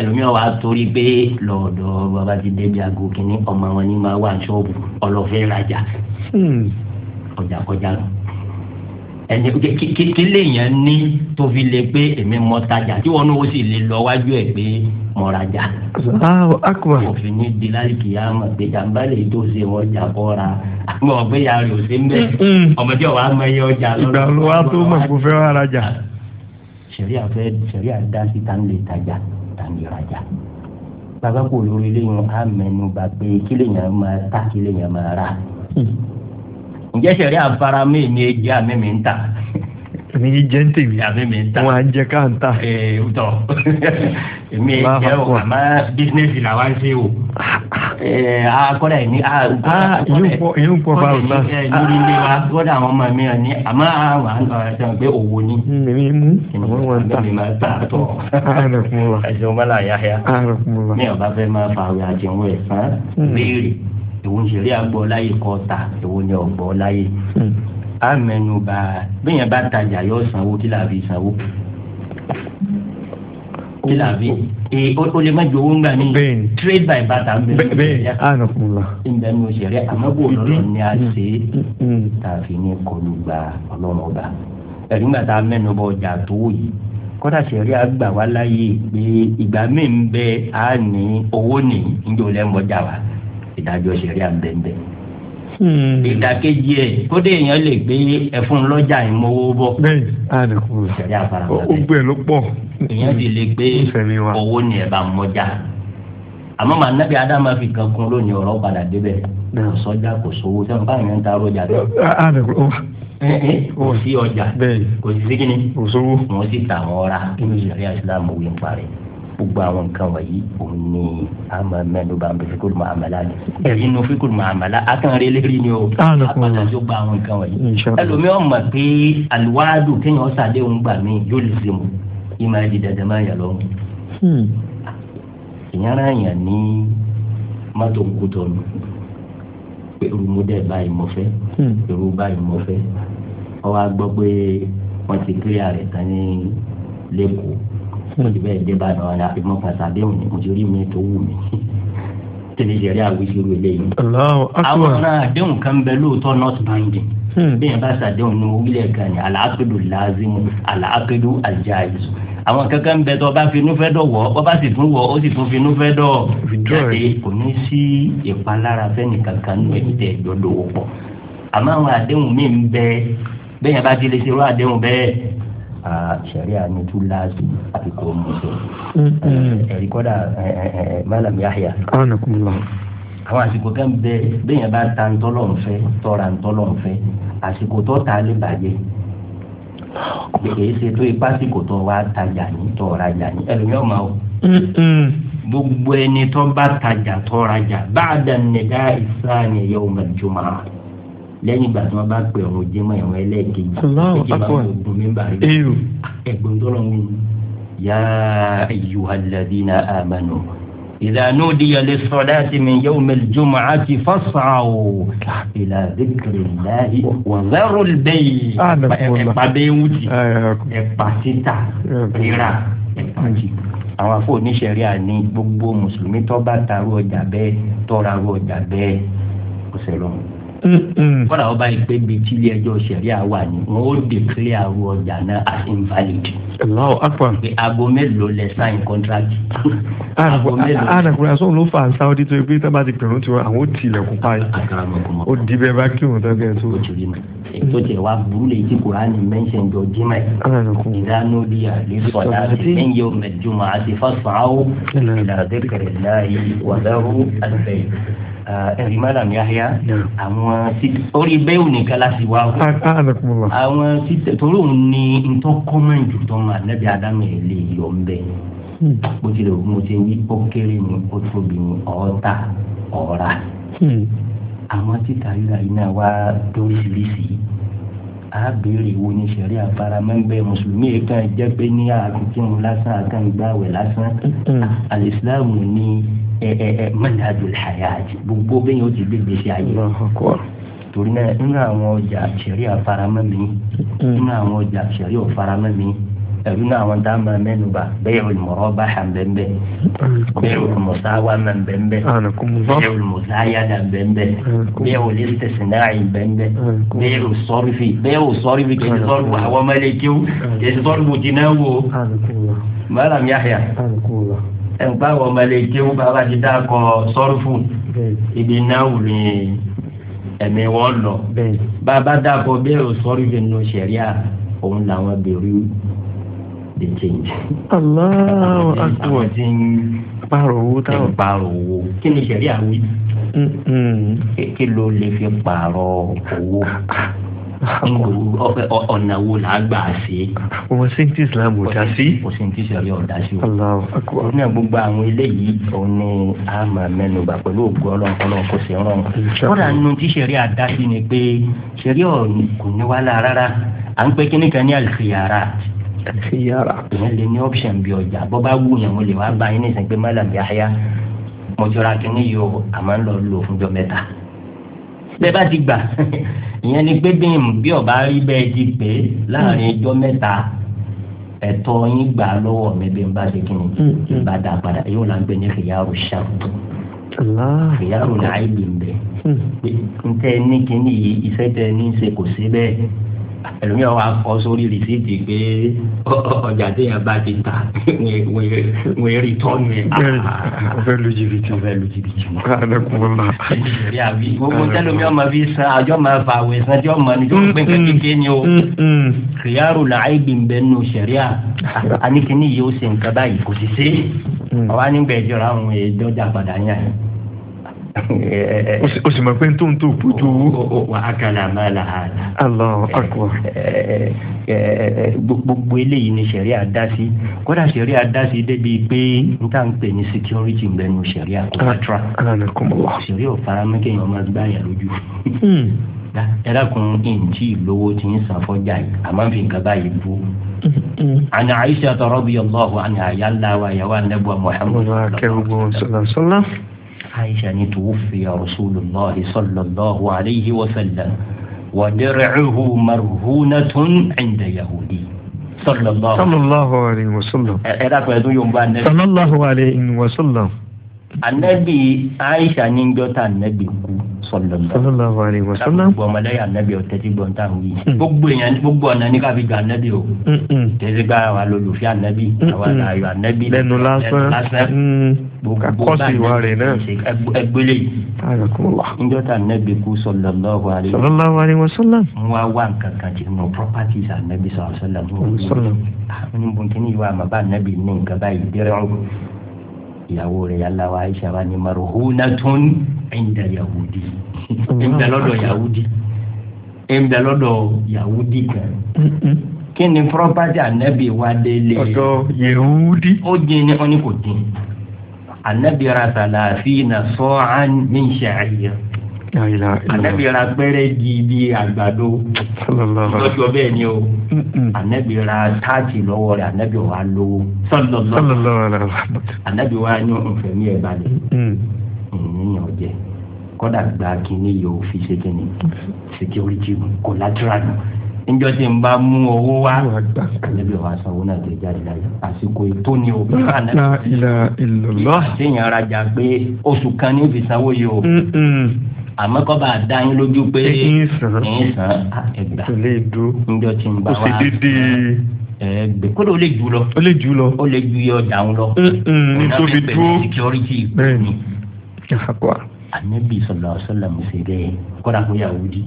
ẹlòmíràn wàá torí pé lọ́ọ̀dọ̀ bàbá ti débi aago kìíní ọmọ wọn ni máa wà ṣọ́ọ̀bù ọlọ́fẹ́ rajà hmm. ọjà kọjá lọ ẹni kékeré yẹn ní tó fi lè pé èmi mọ tajà tí wọn náà sì lè lọ wájú ẹ pé mọ rajà. awo akuba. òfin ní bilali kìá mọ pé jàmbá lè tó ṣe wọn jà kọra àmọ́ ọgbẹ ya rè ó ṣe ń bẹ ọmọdé ọwọ àmọ́ ẹyẹ ọjà lọ. ìgbà ló wá tó mọ̀ kó fẹ́ wá rajà. sẹ̀ríà fẹ́ sẹ̀ríà dá sí tá n lè tajà tá n lè rajà. bàbá kò lórí lẹ́yìn àmẹnubà pé kílẹ̀ yẹn ǹjẹ́ sẹ̀rí àfara mi mi jẹ́ àmì mi ń ta. èmi yìí jẹ́ ń tèmi àmì mi ń ta wọn à ń jẹ ká ń ta. ee tọ èmi jẹ́ o àmọ́ bísínẹ́sì làwa ń ṣe o. akọ́dà yìí ni yóò pọ̀ bá òun náà. lórí ilé wa kọ́dà àwọn ọmọ mi ni àmọ́ àwọn àǹtọ̀ àti àwọn pé òwò ni. Hmm, èmi mú àwọn wọn ta èmi máa ta àtọ̀. ẹ̀sìn ọmọláyà yá. mi ò bá fẹ́ máa fa àwẹ̀ àjẹwò ẹ̀sán léèrè. Hmm èwo ń ṣeré àgbọ̀ láyè kọ́ ta èwo ni ọ̀gbọ̀ láyè. Hmm. amẹnuba bẹ́ẹ̀ bá tajà yọ sanwó kí làá fi sanwó. kí làá fi oh. eh, o lè má ju owó ńgbà ní trade by bàtà ń bẹ ní ìṣẹ̀lẹ̀ ń bẹ ní ìṣẹ̀lẹ̀ àmọ́ bò lọ́rọ̀ ni a hmm. ṣe hmm. tààfin ní kọlu gba ọlọ́run ọba ẹ̀rí ńgbà tá a mẹ́nu bọ ọjà tó yìí kọ́dà sẹ̀rí àgbà wá láyé pé ìgbà mi ń bẹ a ní owó ní ìjọ lẹ́mọ̀ọ́jà wa ìdájọ́ sẹ̀rí àbẹ̀ǹbẹ̀. Hmm. ìdàkejì ẹ̀ kódé èèyàn lè gbé ẹ̀fún lọ́jà ìmọ̀wó bọ̀. bẹ́ẹ̀ àdìkú ó gbẹ ló pọ̀. èèyàn ti lè gbé owó ni ẹ̀ bá mọ́jà àmọ́ màá nábì adama fi kan kun lónìí ọ̀rọ̀ padà débẹ̀ kò sọ́jà kò sówó sẹ́wọ̀n báyìí ń ta ọjà tó. kò sí ọjà kò sí kíni kò sówó. wọ́n sì ta àwọn ọ̀ra kí ni sẹ́rí àìsílámù wí parí gbogbo àwọn nǹkan wọ̀nyí òun ni àmọ́ mẹ́nu bá ń bẹ fíkúrú màmàlá ni ẹ̀rí inú fíkúrú màmàlá akànrẹ́ lérí ni o àpàtà tó gba àwọn nǹkan wọ̀nyí ẹlòmíràn mọ̀ pé àlùwádùn kéèyàn ṣàdéhùn gbà mí yóò lè ṣe mu ìmọ̀ ẹ̀dì dandan máa yà lọ́wọ́ hmm. èèyàn yàn ní mọ́tò nkútọ́ nù pé hmm. irú báyìí mo fẹ́ irú báyìí mo fẹ́ ọ wá gbọ́ pé wọ́n ti kílíà rẹ̀ tán ní lẹ́kọ̀ọ́ ìbẹ́ ìdè bá dọ̀ ọ́nà àfi mọ́ pàṣàdé òní mo ti rí mi tó wù mí tẹ̀lé ìjẹ̀rí àwíṣirò eléyìí. àwọn náà àdéhùn kan bẹ lóòótọ́ not binding hmm. bẹ́ẹ̀ bá ṣàdéhùn ní orílẹ̀ kan ní àlàákédù làásìmù àlàákédù àjáàjù àwọn kankan bẹ tó bá finú fẹ́ dọ̀ wọ́ ọ bá sì tún wọ́ ó sì tún finú fẹ́ dọ̀ jáde kò ní sí ìpalára fẹ́ni kankan nù ẹ̀yìn tẹ̀ gbọ́dọ̀ wọ́pọ̀ àmọ́ àwọn àdéhùn mi ń bẹ bẹ́ẹ̀ bá ti lè ṣerú àdéhùn bẹ́ẹ̀ sariya ni tu laasi a bɛ k'o muso. ẹ̀rí kọ́dà malam yahya. àwọn àsìkò kan bẹ bẹ́ẹ̀ yẹn bá ta ntọ́lọ̀ nfẹ́ tọ́ra ntọ́lọ̀ nfẹ́ àsìkò tó ta lè bàjẹ́ kìí ṣe tó ipá sí kò tó wá tajà ní tọ́ra jà ní ẹlòmíràn máa wò. Mm, mm. gbogbo ẹni tó bá tajà tọ́ra jà báàdà nìdá ìsáàní yawm al-jumu'ah lẹ́yìn ìgbà tí wọ́n bá pè ọ̀run jẹ́mọ̀ ẹ̀wọ̀n ẹlẹ́ẹ̀kejì ẹ̀jẹ̀ máa ń gbogbo mẹ́mbà rẹ̀ ẹ̀gbọ́n tó lọ́wọ́ yá ayyuhalladhina amanu idha nudiya lis-salati min yawmil jumu'ati fas'aw ila dhikrillahi wa dharul bay' ẹ̀pà bẹ́ẹ̀ wùtì ẹ̀pà títà rírà ẹ̀pà jìkì àwọn afọ oníṣẹ̀ríà ní gbogbo mùsùlùmí tó bá tarú ọjà bẹ́ẹ̀ tọ́ra ọjà bẹ́ẹ̀ kò sẹ́lọ́mù kọ́dà ọba yìí pé bíi tílé ẹjọ́ sẹ̀ríà wà ní wọn ó dèkílé àwọn ọjà náà as invalid. Allahu akbar. pé aago mélòó lẹ sign contract. Ah, aago ah, mélòó. àdàkùnrin ah, asọ́run ló fà á sáwọ́dí tó pé tábà ti pẹ̀lú tiwọn àwọn ò tilẹ̀kùn páyì. ó di bẹ́ẹ̀ bá kí òun tọ́kẹ́ tó. ètò tẹ̀ wá burú lè ti kùránì mẹ́ńṣẹ̀n jọ jimá yìí. ìdáná bí àlè sọ̀dá àti ẹ̀yìn yóò mẹ́jọ Eh, ẹ̀rí mádàm yáyá àwọn orí bẹ́ẹ̀ nìkan kala wá o ah, ah, àwọn títẹ̀ torí òun ni ntọ́ kọ́mọ̀n jù tọ́ ma nẹ́bí adamu yẹn lè yọ ń bẹ́ẹ̀ ni hmm. bó tilẹ̀ mo ti wí ó kéré ni ó tóbi ni ọ̀ọ́ta ọ̀ọ́ra hmm. àwọn títà rírà yìí náà wá dórí a béèrè wo ni sẹ̀rí àfaramẹ́gbẹ́ mùsùlùmí yìí kan jẹ́ pé ní àfikún lásán àkàngbáwẹ̀ lásán alìsílámù hmm. ni manhajul hayat gbogbo bẹ́yìn ó ti gbé gbèsè ayé torí náà nínú àwọn ọjà sẹ̀rí àfaramọ́ mi hmm. nínú àwọn ọjà sẹ̀rí òfaramọ́ mi ẹ̀rí náà àwọn tá a máa mẹ́nu bá bẹ́ẹ̀ olùmọ̀rọ́ bá hàn bẹ́ẹ̀ bẹ́ẹ̀ olùmọ̀sá wà máa bẹ́ẹ̀ bẹ́ẹ̀ olùmọ̀sá yàda bẹ́ẹ̀ bẹ́ẹ̀ olùsẹ̀sìnnáì bẹ́ẹ̀ bẹ́ẹ̀ olùsọ́rìfì bẹ́ẹ̀ olùsọ́rìfì kì í sọ́rìfì àwọn ọmọ ilé kíw kì í sọ́rìfì jìnnà wo mọ́lá ẹnpa àwọn ọmọ ilé kéwú bàbá ti dá kọ sọ́rùfù ibi náà wù ní wọn lọ bàbá dá kọ bẹ́ẹ̀ ò sọ́rùfù nínú sẹ̀ríà òun làwọn bèrè the change. aláwọ̀ àgbọ̀ ti ń pààrọ̀ owó táwọn. pààrọ̀ owó kí ni sẹ̀ríà wí. kí ló lè fi pààrọ̀ owó. Ah, ah. ọ̀nà wo là á gbà ṣe. wọ́n ṣe ń tí islam ò dá sí. kò ṣe ń tí sẹ́rí ọ̀dá sí o. ní gbogbo àwọn eléyìí òun ni a máa mẹ́nuba pẹ̀lú ògbó ọlọ́nkọ́lọ́ kò sí rán. kódà nínú tí sẹ́rí àdá sí ni pé sẹ́rí ọ̀nì kò ní wá la rárá à ń pẹ́ kíní kan ní àlùfíàrà. àlùfíàrà. ìyẹn lè ní option bí ọjà bọ́ bá wù yẹn wọ́n lè wá bá yín nísìnyí pé má làbí àyà mọ̀jọ́ra kíní yìí o àmọ́ ń lọ lò fúnjọ́ mẹ́ta bẹ́ẹ̀ bá ti gbà ìyẹn ni pé bí ọba rí bẹ́ẹ̀ ti pè é láàrin ọjọ́ hmm. mẹ́ta ẹ̀tọ́ yín gbà lọ́wọ́ mi bí n bá ṣe kí ni hmm. bá dá padà yóò là ń gbé ní fìyàrò ṣàkóso fìyàrò náà ayé bì ń bẹ hmm. n tẹ ní kíní yìí iṣẹ́ tẹ ní í ṣe kò sí bẹ́ẹ̀ ẹlòmíì ọwọ akọ sórí rìsíìtì pé ọjà téèyàn bá ti ta wọn rí tọ́nu ẹ̀. o fẹ́ lu jìbìtì. o fẹ́ lu jìbìtì. káàdé kúrò la. ìrírí àbí gbogbo tẹlomi ọmọ fi san àjọ máa fa àwẹ̀ san jọ máa ní tó ń pín kékeré ni o. kìyàrú la àìbì ń bẹ nù sẹ̀ríà àníkíní yìí ó ṣe nǹkan báyìí kò sì ṣe é. Mm. àwa nígbà ìjọra àwọn èèyàn dọ́jà padà yàn yín. o sì mọ̀ pé akala tó n tó kojú. wà á kàlà máa là á gbogbo ni sẹ̀ríà dá kódà sẹ̀ríà dá débi pé n tà ń pè ní security ń bẹ nu sẹ̀ríà kó tra. sẹ̀ríà ò fara kéèyàn gbá yà lójú. ìǹtí hmm. ìlówó ti ń yìí fi nǹkan báyìí bú. Hmm, hmm. aisha ni tuwufi ya rasulillahi sallallahu alayhi wa sallam wa dircuhu marhunatun cinda yahudi. sallallahu alayhi wa sallam. ẹ ẹ dàpọ̀ ẹ tún yóò ń bá a nẹ́ẹ̀. sallallahu alayhi wa sallam anabi aisha ni njọ ta anabi ku sallallahu alaihi wasallam gbogbo ọmọdé yà anabi ọtẹ ti gbọ nta wí gbogbo èèyàn gbogbo ọ̀nà ní káfí gba anabi o tẹ̀sí gba àwọn alolùfẹ́ anabi àwọn àyọ̀ anabi lẹ́nu lásán kakọ́sì wa rẹ̀ náà ẹgbẹ́lẹ̀ yìí ta anabi ku sallallahu alaihi wasallam mo wá wá nǹkan kan tí mo properties anabi sallallahu alaihi wasallam ah, mo ní bọ̀ntẹ́ni yìí wà má bá anabi ní nǹkan báyìí dẹ́rẹ́ ọ̀gbọ̀n ìyàwó rẹ̀ yàrá wa aisha wa ni marhunatun inda yahudi inda lọ́dọ̀ yahudi inda lọ́dọ̀ yahudi kan kí ni property anabi wa délé. ọ̀dọ̀ yahudi. ó dín ní ọ́nì dín anabi ra sàlàfíì na sọ́ọ̀án min ṣàyẹ̀ ànẹ́bí ra gbẹ́rẹ́ di ibi àgbàdo lọ́jọ́ bẹ́ẹ̀ ni o ànẹ́bí ra táàgì lọ́wọ́ rẹ̀ ànẹ́bí wa lówó sọlọ́lọ́ ànẹ́bí wa ní nfẹ̀ ní ẹ̀ balẹ̀ ìyẹn mm. ọ̀jẹ̀ kọ́dà gba kínní yóò fi ṣe kínní security collateral níjọ́ tí n bá mú owó wá ànẹ́bí wa sanwó náà tẹ̀ jáde láyé àsìkò ètò ni o ànẹ́bí wa ṣèyàn rajà pé oṣù kan ní òfìsàwó yìí o àmọ́ kọ́ bá a dá yín lójú pé ẹ̀yìn sàn ẹ̀gbà ńjọ tí ń bá wa ẹgbẹ kódà ó lè jù lọ ó lè jù lọ ó lè ju iye ọjà ń lọ ní tóbi dúró security ni anabi sọlọ sọlọ musere kódà kó yahudi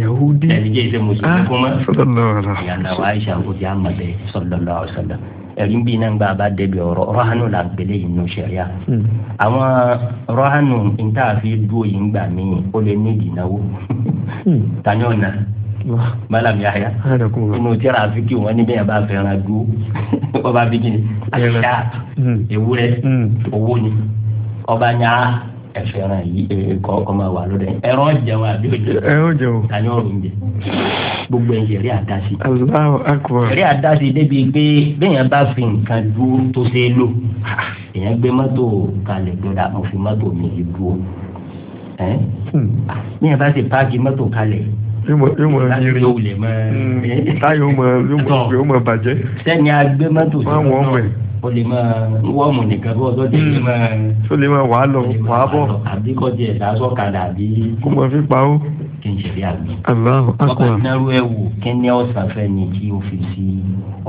yahudi ẹni jẹ́ ìṣe mùsùlùmí kọ́mọ́ yàrá wa aisha kò jẹ́ àmàlẹ́ sọlọ sọlọ ẹ̀rí ń bí iná gba àbá débi ọ̀rọ̀ rọ́hánù là ń pèlè yìí nù sẹ̀ríà. Hmm. àwọn rọ́hánù níta àfi dúró yìí ń gbà mí ó lè ní ìdìnnáwó hmm. tani ọ̀nà bala mi aya inú tíra àfikì wọn níbẹ̀ yẹn bá fẹ́ràn dúró ọba bíkini àyíká ewúrẹ́ hmm. owó ni ọba nyàá ẹfẹran yìí kọ ọkọ máa wà lóde ẹrọ jẹun àbí ojú ẹrọ jẹun tani ọrùn jẹ gbogbo ẹ yẹrí àdáṣe. aláwọ akọrọ. yẹrí àdáṣe débi pé bẹ́ẹ̀yàn bá fi nǹkan dúró tó ṣe é lò èèyàn gbé mọ́tò kalẹ̀ gbọ́dọ̀ mo fi mọ́tò mi dúró bẹ́ẹ̀yàn hmm. bá ti páàkì mọ́tò kalẹ̀ yóò mọ yiri hmm. táyọ̀ mọ yóò mọ bàjẹ́. sẹ́ni agbé mọ́tò sí mọ́tò o lè máa wọ́ọ̀mù nìkan bí ọjọ́ tí lè hmm. máa. tó lè máa wàá lọ wàá bọ̀. àbí kò tiẹ̀ dáṣọ kadà bí. kó mọ̀ fi pa ó. kí n ṣe bí àgbẹ̀. aláwọ̀ akọ. ọkọ̀ ìnáwó ẹ̀ wò kí ni ọ̀sán fẹ́ ni kí o fi sí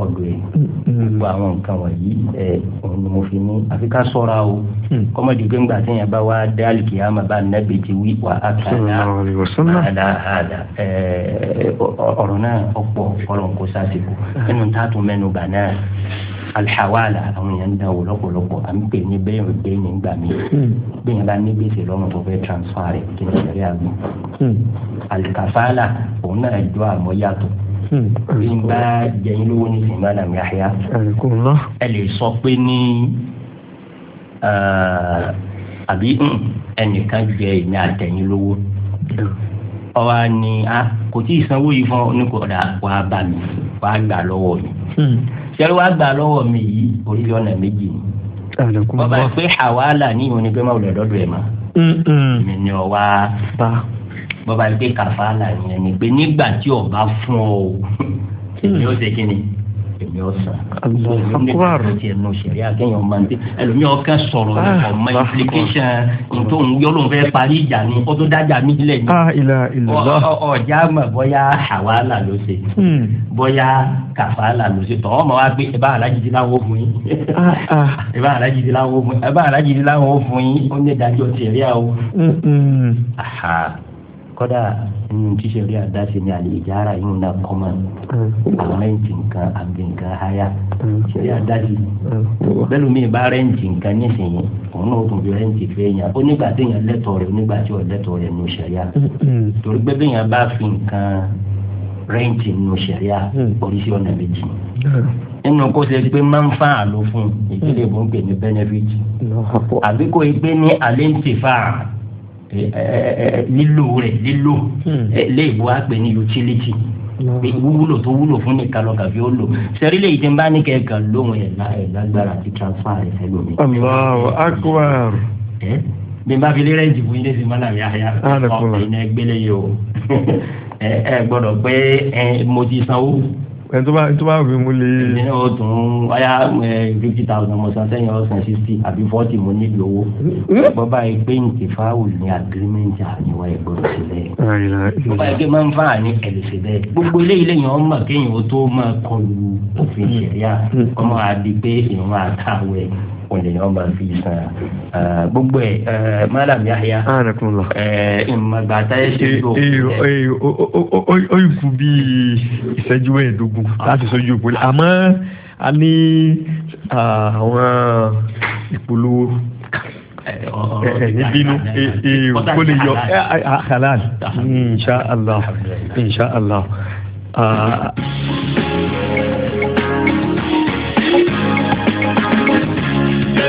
ọ̀dọ̀ ẹ̀. Hmm. gbogbo àwọn nǹkan wọ̀nyí ẹ̀ òun ni mo fi ní àfi ká sọ́ra o. Hmm. kọ́mọ̀dé pé ńgbà tí yẹn bá wá dé àlùkìyàmà bá nàbẹ̀ ti wí wà á kàdá alihawala àwọn èèyàn ń da wò lọ́pọ̀lọpọ̀ à ń pè ní bẹ́ẹ̀ ní bẹ́ẹ̀ ní gbà mí hmm. bẹ́ẹ̀ yẹn bá ní gbèsè lọ́rùn tó fẹ́ transfer rẹ̀ kí ni sẹ́rí àgbọ̀n hmm. alikafala òun náà jọ àmọ́ yàtọ̀ hmm. bí n bá jẹyin lówó ní sinimá làmì àyà ẹ lè sọ pé ní àbí ẹnìkan jẹ èmi àtẹ̀yìn lówó ọwọ́ ni ah, kò tí ì sanwó yìí fún ọ ní kò dà wàá bà mí wàá gbà lọ́wọ́ mi sẹ́rí wàá gbà lọ́wọ́ mi yìí orílẹ̀ ọ̀nà méjì ni bàbá yìí pé hawala ní ìwọ̀n ni pé máa wùlọ̀ lọ́dọ̀ ẹ̀ ma mm, mm. mi ni ọ wá bàbá yìí pé kàfàlà ni pé nígbà tí ọba fún ọ o mm. èmi ó ṣe kí ni èmi ọ̀sán. akumar ẹlòmí ọkàn sọ̀rọ̀ ah, ọmọ implication nítorí òun yọ fẹ́ parí ìjà ni ó tó dájà mí lẹ̀ ni ọjà ah, mọ̀ bóyá hawala ló ṣe hmm. bóyá kàfàlà ló ṣe tọ́ ọmọ wa gbé ẹ bá alájìdí láwọ ah, fún yín ẹ bá alájìdí láwọ fún yín ẹ bá alájìdí láwọ fún yín ó ní ìdájọ́ tẹ̀lé mm, mm. àwọn kọ́dà ṣíṣe rí àdáṣe ní àlè ìjára yìí náà kọ́mọ̀ mm. àwọn rẹ́ǹtì nǹkan àgbẹ̀ nǹkan háyà mm. ṣe rí àdáṣe mm. bẹ́ẹ̀ lómi bá rẹ́ǹtì nǹkan nísìnyí òun náà tún fi rẹ́ǹtì fẹ́ yàn onígbà téèyàn lẹ́tọ̀ọ́ rẹ̀ onígbà tí ò lẹ́tọ̀ọ́ rẹ̀ ní ṣẹ̀ríà torí pé bẹ́ẹ̀ yàn bá fi nǹkan rẹ́ǹtì ní ṣẹ̀ríà oríṣi ọ̀nà méjì nínú kó ṣe pé máa ń fa àlò fún ìdílé bó ń pè ní benefit àbí kò yí lílò rẹ̀ lílò hmm. léèbù á pè ní utility wúlò tó wúlò fún nìkan lọ kàfi ó lò sẹ́rí lè jẹun bá ní kẹ́kẹ́ lóhùn ẹ̀ lágbára àti transfer rẹ̀ sẹ́gbọ̀n mi. Allahu akbar bimba fi lera ìdìbò yìí lẹsìn mọlá mi àyà ọkùnrin ẹgbẹlẹ yìí o ẹ gbọ́dọ̀ pé mo ti sanwó ẹni tó bá ẹni tó bá fi mú lé. ǹjẹ́ o tún wáyà fifty thousand mọ̀sán sẹ́yìn ọ̀sán sixty àbí forty mo níbi owó. bọ́bá yìí pé ní tìfáwù ní agirímẹ́ǹtì àníwá ẹ̀gbọ́n sílẹ̀. bọ́bá yìí pé máa ń fà á ní ẹ̀lẹ́sẹ̀ bẹ́ẹ̀. gbogbo eléyìí lẹ́yìn ọmọ kéèyàn tó máa kọlu òfin ṣẹ̀ríà ọmọ àdìgbé ìrún àtàwẹ̀ olèyàn máa fi san gbogbo ẹ madam yahya ìmọ̀gbàtà ẹ̀ṣẹ̀ ló. ó yìí kú bí ìṣẹ́jú mẹ́ẹ̀ẹ́dógún láti sọ́jú òpó àmọ́ a ní àwọn ìpolówó nibinu kó lè yọ halal insha allah insha allah.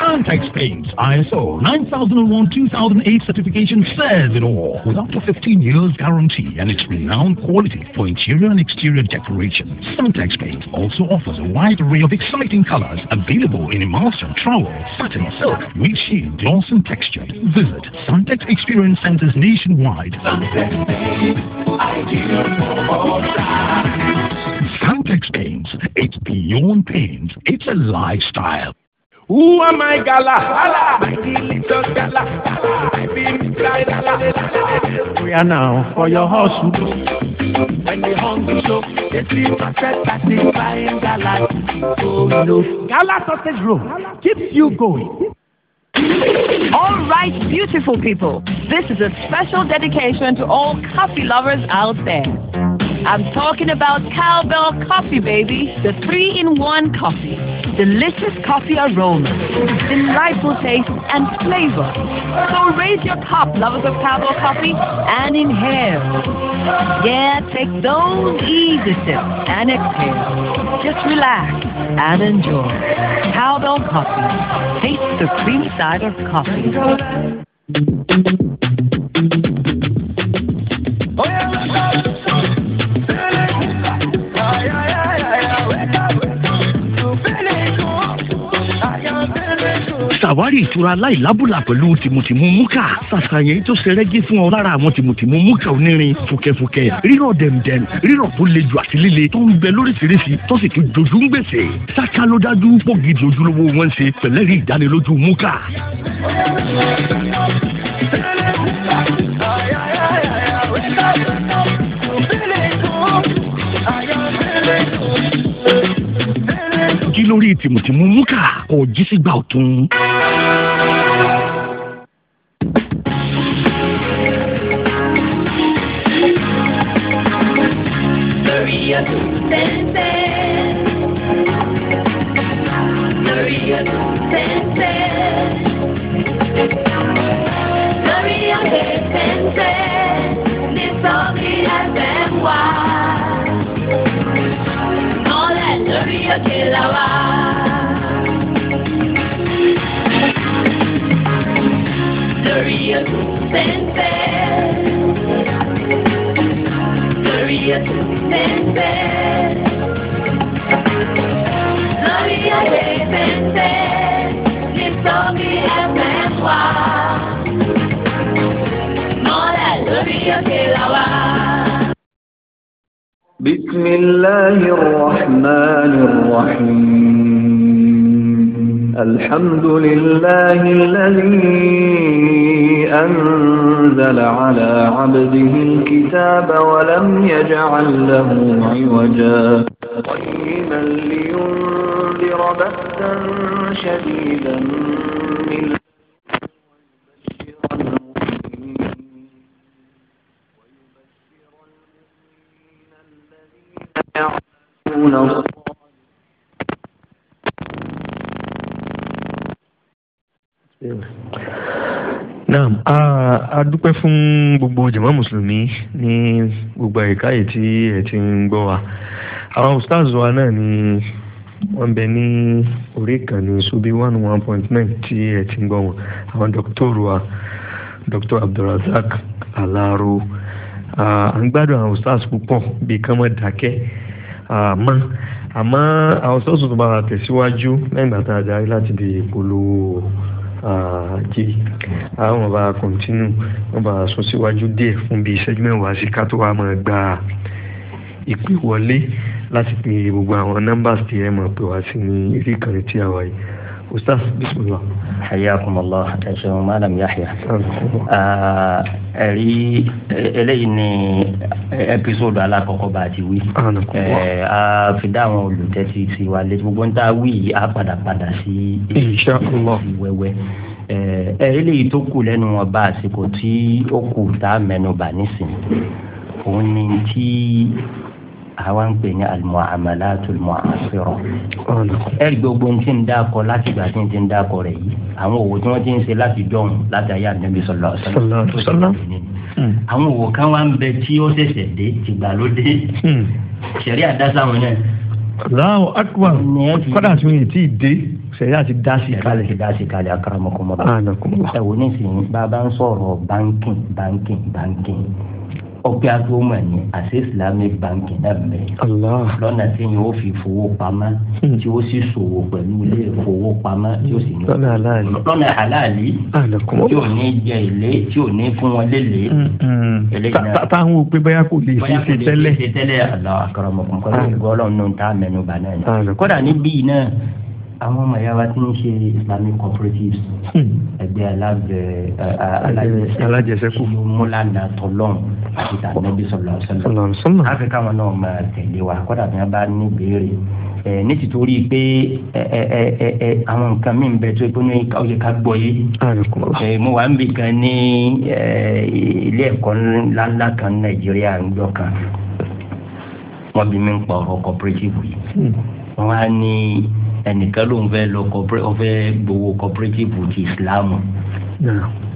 Antex Paints, ISO 9001-2008 certification says it all. With up to 15 years guarantee and its renowned quality for interior and exterior decoration, Suntex Paints also offers a wide array of exciting colors available in emulsion, trowel, satin, silk, weave sheen, gloss and texture. Visit Suntex Experience Centers nationwide. Suntex Paints, for Paints, it's beyond paint, it's a lifestyle. Who am I, Gala? Gala. My delicious Gala. I be Mr. Gala. We are now for your hustle. When they hungry show, they sleep at rest satisfying Gala. Oh no. Gala sausage roll keeps you going. All right, beautiful people. This is a special dedication to all coffee lovers out there. I'm talking about Cowbell Coffee, baby. The three-in-one coffee. Delicious coffee aroma, delightful taste and flavor. So raise your cup, lovers of Cowbell Coffee, and inhale. Yeah, take those easy sips and exhale. Just relax and enjoy. Cowbell Coffee. Taste the creamy side of coffee. ṣàwárí ìtura láìlábùlà pẹ̀lú tìmùtìmù múkà ṣàṣàyàn tó ṣe rẹ́gí fún ọ lára àwọn tìmùtìmù múkà onírin fúkẹ́fúkẹ́ rírọ̀ dẹ̀mdẹ̀m rírọ̀ tó le jù àti líle tó ń bẹ lóríṣiríṣi tó sì tún dojú ń gbèsè ṣáká ló dájú pọ́gì dojúlówó wọn ṣe pẹ̀lẹ́rì ìdánilójú múkà. Oh, yeah, yeah, yeah. lórí tìmùtìmù múkà kò jí sígbà ọ̀tún. Hurry up, send, send. الحمد لله الذي أنزل على عبده الكتاب ولم يجعل له عوجا قيما لينذر بأسا شديدا من يعلمون الصالحين naam a dúpẹ́ fún gbogbo jàmá mùsùlùmí ní gbogbo àyíká yìí tí ẹ ti ń gbọ́ wa àwọn ustaz wa náà ni wọ́n bẹ ní orí ìkànnì ṣubí one oh one point nine tí ẹ ti ń gbọ́ wọn àwọn dọ́kítọ́rù wa dr abdulrasaq alaro à ń gbádùn àwọn ustaz púpọ̀ bí kán mọ́ dákẹ́ àmọ́ àmọ́ àwọn ustaz tó bá tẹ̀síwájú lẹ́yìn ìgbà tá láti di ìpolówó ajé àwọn ọba kọ̀ǹtínú wọn bá sún síwájú díẹ̀ fún bíi ìṣẹ́jú mẹ́wàá sí ká tó wá máa gba ìpè wọlé láti pe gbogbo àwọn nọ́mbà tí ẹ máa pè wá sí ní eré ìkànnì tí a wà ustaz bisimilah. hayakum allah ẹ̀sùn malam yahya. ẹ̀rí eh, eh, eléyìí ni ẹpisódù eh, alákọ̀ọ́kọ́ bá ti wí. a fi dá àwọn olùtẹ́tí sí wa létí gbogbo ń tá a wí yìí a padà padà sí ìwẹ́wẹ́ ẹ eléyìí tó kù lẹ́nu wọn bá àsìkò tí ó kù tá a mẹ́nu bà nísìnyí òun ni tí àwa ń pè ní almuamalatul muasira. ẹ̀rí gbogbo ń ti ń dákọ láti ìgbà tí ń ti ń dákọ rẹ̀ yìí àwọn òwò tí wọ́n ti ń ṣe láti dọ̀hún láti ayé àdébí sallallahu alaihi wasallam. àwọn òwò kan wá ń bẹ hmm. tí ó ṣẹ̀ṣẹ̀ dé tìgbàlódé hmm. ṣẹ̀rí àdásá wọn náà. Allahu akbar kọ́dà tí wọ́n ti dé sẹ̀yà ti dá sí kalẹ̀. sẹ̀yà ti dá sí kalẹ̀ akaramọ̀kọ́mọ́ bá. ẹ wo ní sìn bá ń sọ̀rọ̀ banking banking banking ọ̀pẹ́ agbóhùnmọ̀ ni àti islamic bank náà bẹ̀. lọ́nà tí yẹn ó fi fowó pamọ́ hmm. tí ó sì ṣòwò pẹ̀lú ilé ìfowópamọ́ tí ó sì ní. lọ́nà àlàálí tí ò ní jẹ èlé tí ò ní fún wọn lélẹ̀. táwọn ò pé báyà kò lè fi ṣe tẹ́lẹ̀. báyà kò lè fi ṣe tẹ́lẹ̀ àlọ́ àkàràmọ̀kùnkọ́ ló ń gbọ́ ọlọ́run náà ń ta mẹ́nu náà. kódà níbí náà àwọn ọmọ ìyá wa ti ń ṣe islamic cooperatives hmm. ẹgbẹ́ alájẹsẹ́kù múlànà tọ́lọ́n àti tàbí sọ̀lọ́ sọ̀lọ́ áfíríkà wọn náà máa tẹ̀lé wa kọ́dà bí wọ́n bá ní ìbéèrè ní tìtorí pé àwọn nǹkan mí bẹ tó pé ó yẹ ká gbọ́ yé mo wà ń bì kan ní ilé ẹ̀kọ́ ńláńlá kan nàìjíríà ń gbọ́ kan wọ́n bí mi ń pa ọ̀rọ̀ cooperative yìí hmm. wọ́n á ní ẹnìkan ló ń fẹ́ lọ ó fẹ́ gbowó cooperative ti islam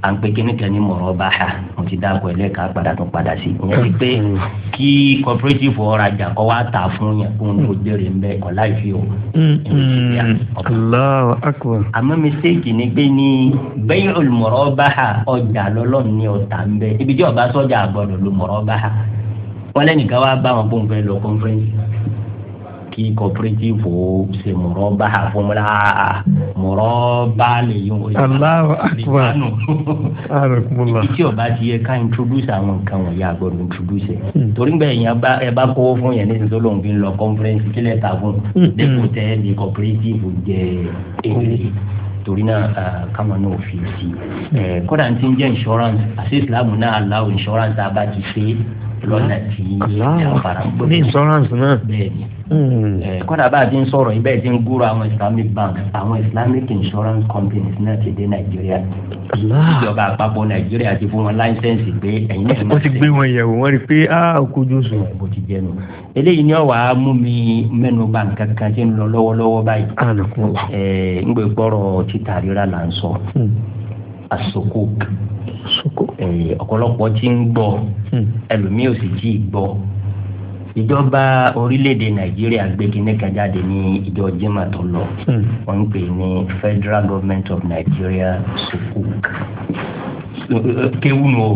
à ń pe kíní kan ní mọ̀rọ̀ bá a mo ti dá àpò ẹlẹ́ka padà tó padà sí i ìyẹn ti pé mm. kí cooperative ọ̀rọ̀ ajá kọ́ wá tà fún yẹn kó ń tó béèrè mm. ń bẹ kọ́ láì fi o. Mm, Allahu akbar. àmọ́ mistake ni pé ní bẹ́ẹ̀ olùmọ̀rọ̀ bá a ọjà lọ́lọ́run ní ọ̀tá ń bẹ ibi tí ọba sọ́jà àgbọ̀dọ̀ ló bá a wọ́n lẹ́nìkan wá bá wọn bó fẹ́ lọ conference kí cooperative ó ṣe mọ̀rọ̀ bá a fún mi láà mọ̀rọ̀ bá a lè yún oye. aláwọ àkùbà àrùkùnmọ̀lá. ibi tí o bá ti yẹ ká introduce àwọn nǹkan wọ̀nyí a gbọ́dọ̀ introduce ẹ̀. Hmm. torí bẹ́ẹ̀ yẹn ẹ bá kówó fún yẹn ní sísọ lóun fi ń lọ conference kílẹ̀ ta fún dẹ́kun tẹ́ ní cooperative jẹ èrè oh. torí náà káwọn náà fi sí. Hmm. kódà tí ń jẹ́ insurance àti islam náà allow insurance abá ti lọ́nà tí àfàrà ń gbọ́. ní insurance náà. bẹ́ẹ̀ni hmm. eh, kódà bá a ti ń sọ̀rọ̀ ibẹ̀ ti ń gúrò àwọn islamic bank àwọn islamic insurance companies náà ti dé nàìjíríà. ìjọba àpapọ̀ nàìjíríà ti fún wọn láńsẹ̀nsì pé ẹ̀yin náà. wọ́n ti gbé wọn yẹ̀wò wọ́n rí i pé a ah, kojú sùn. Eh, bó ti jẹ́ nu eléyìí ni ọ̀ wá mú mi mẹ́nu bá nǹkan kan tí ń lọ lọ́wọ́lọ́wọ́ báyìí. ẹ̀ ah, eh, ń gbé gbọ́rọ̀ títà rírà là ń sọ. Hmm. asokok Eh, ọ̀pọ̀lọpọ̀ tí ń gbọ́ hmm. ẹlòmíì ò sì tí ì gbọ́ ìjọba orílẹ̀-èdè nàìjíríà gbé kinní kan jáde ní ìjọ jimá tó lọ hmm. wọ́n ń pè ní federal government of nigeria sukuk kéwù nù o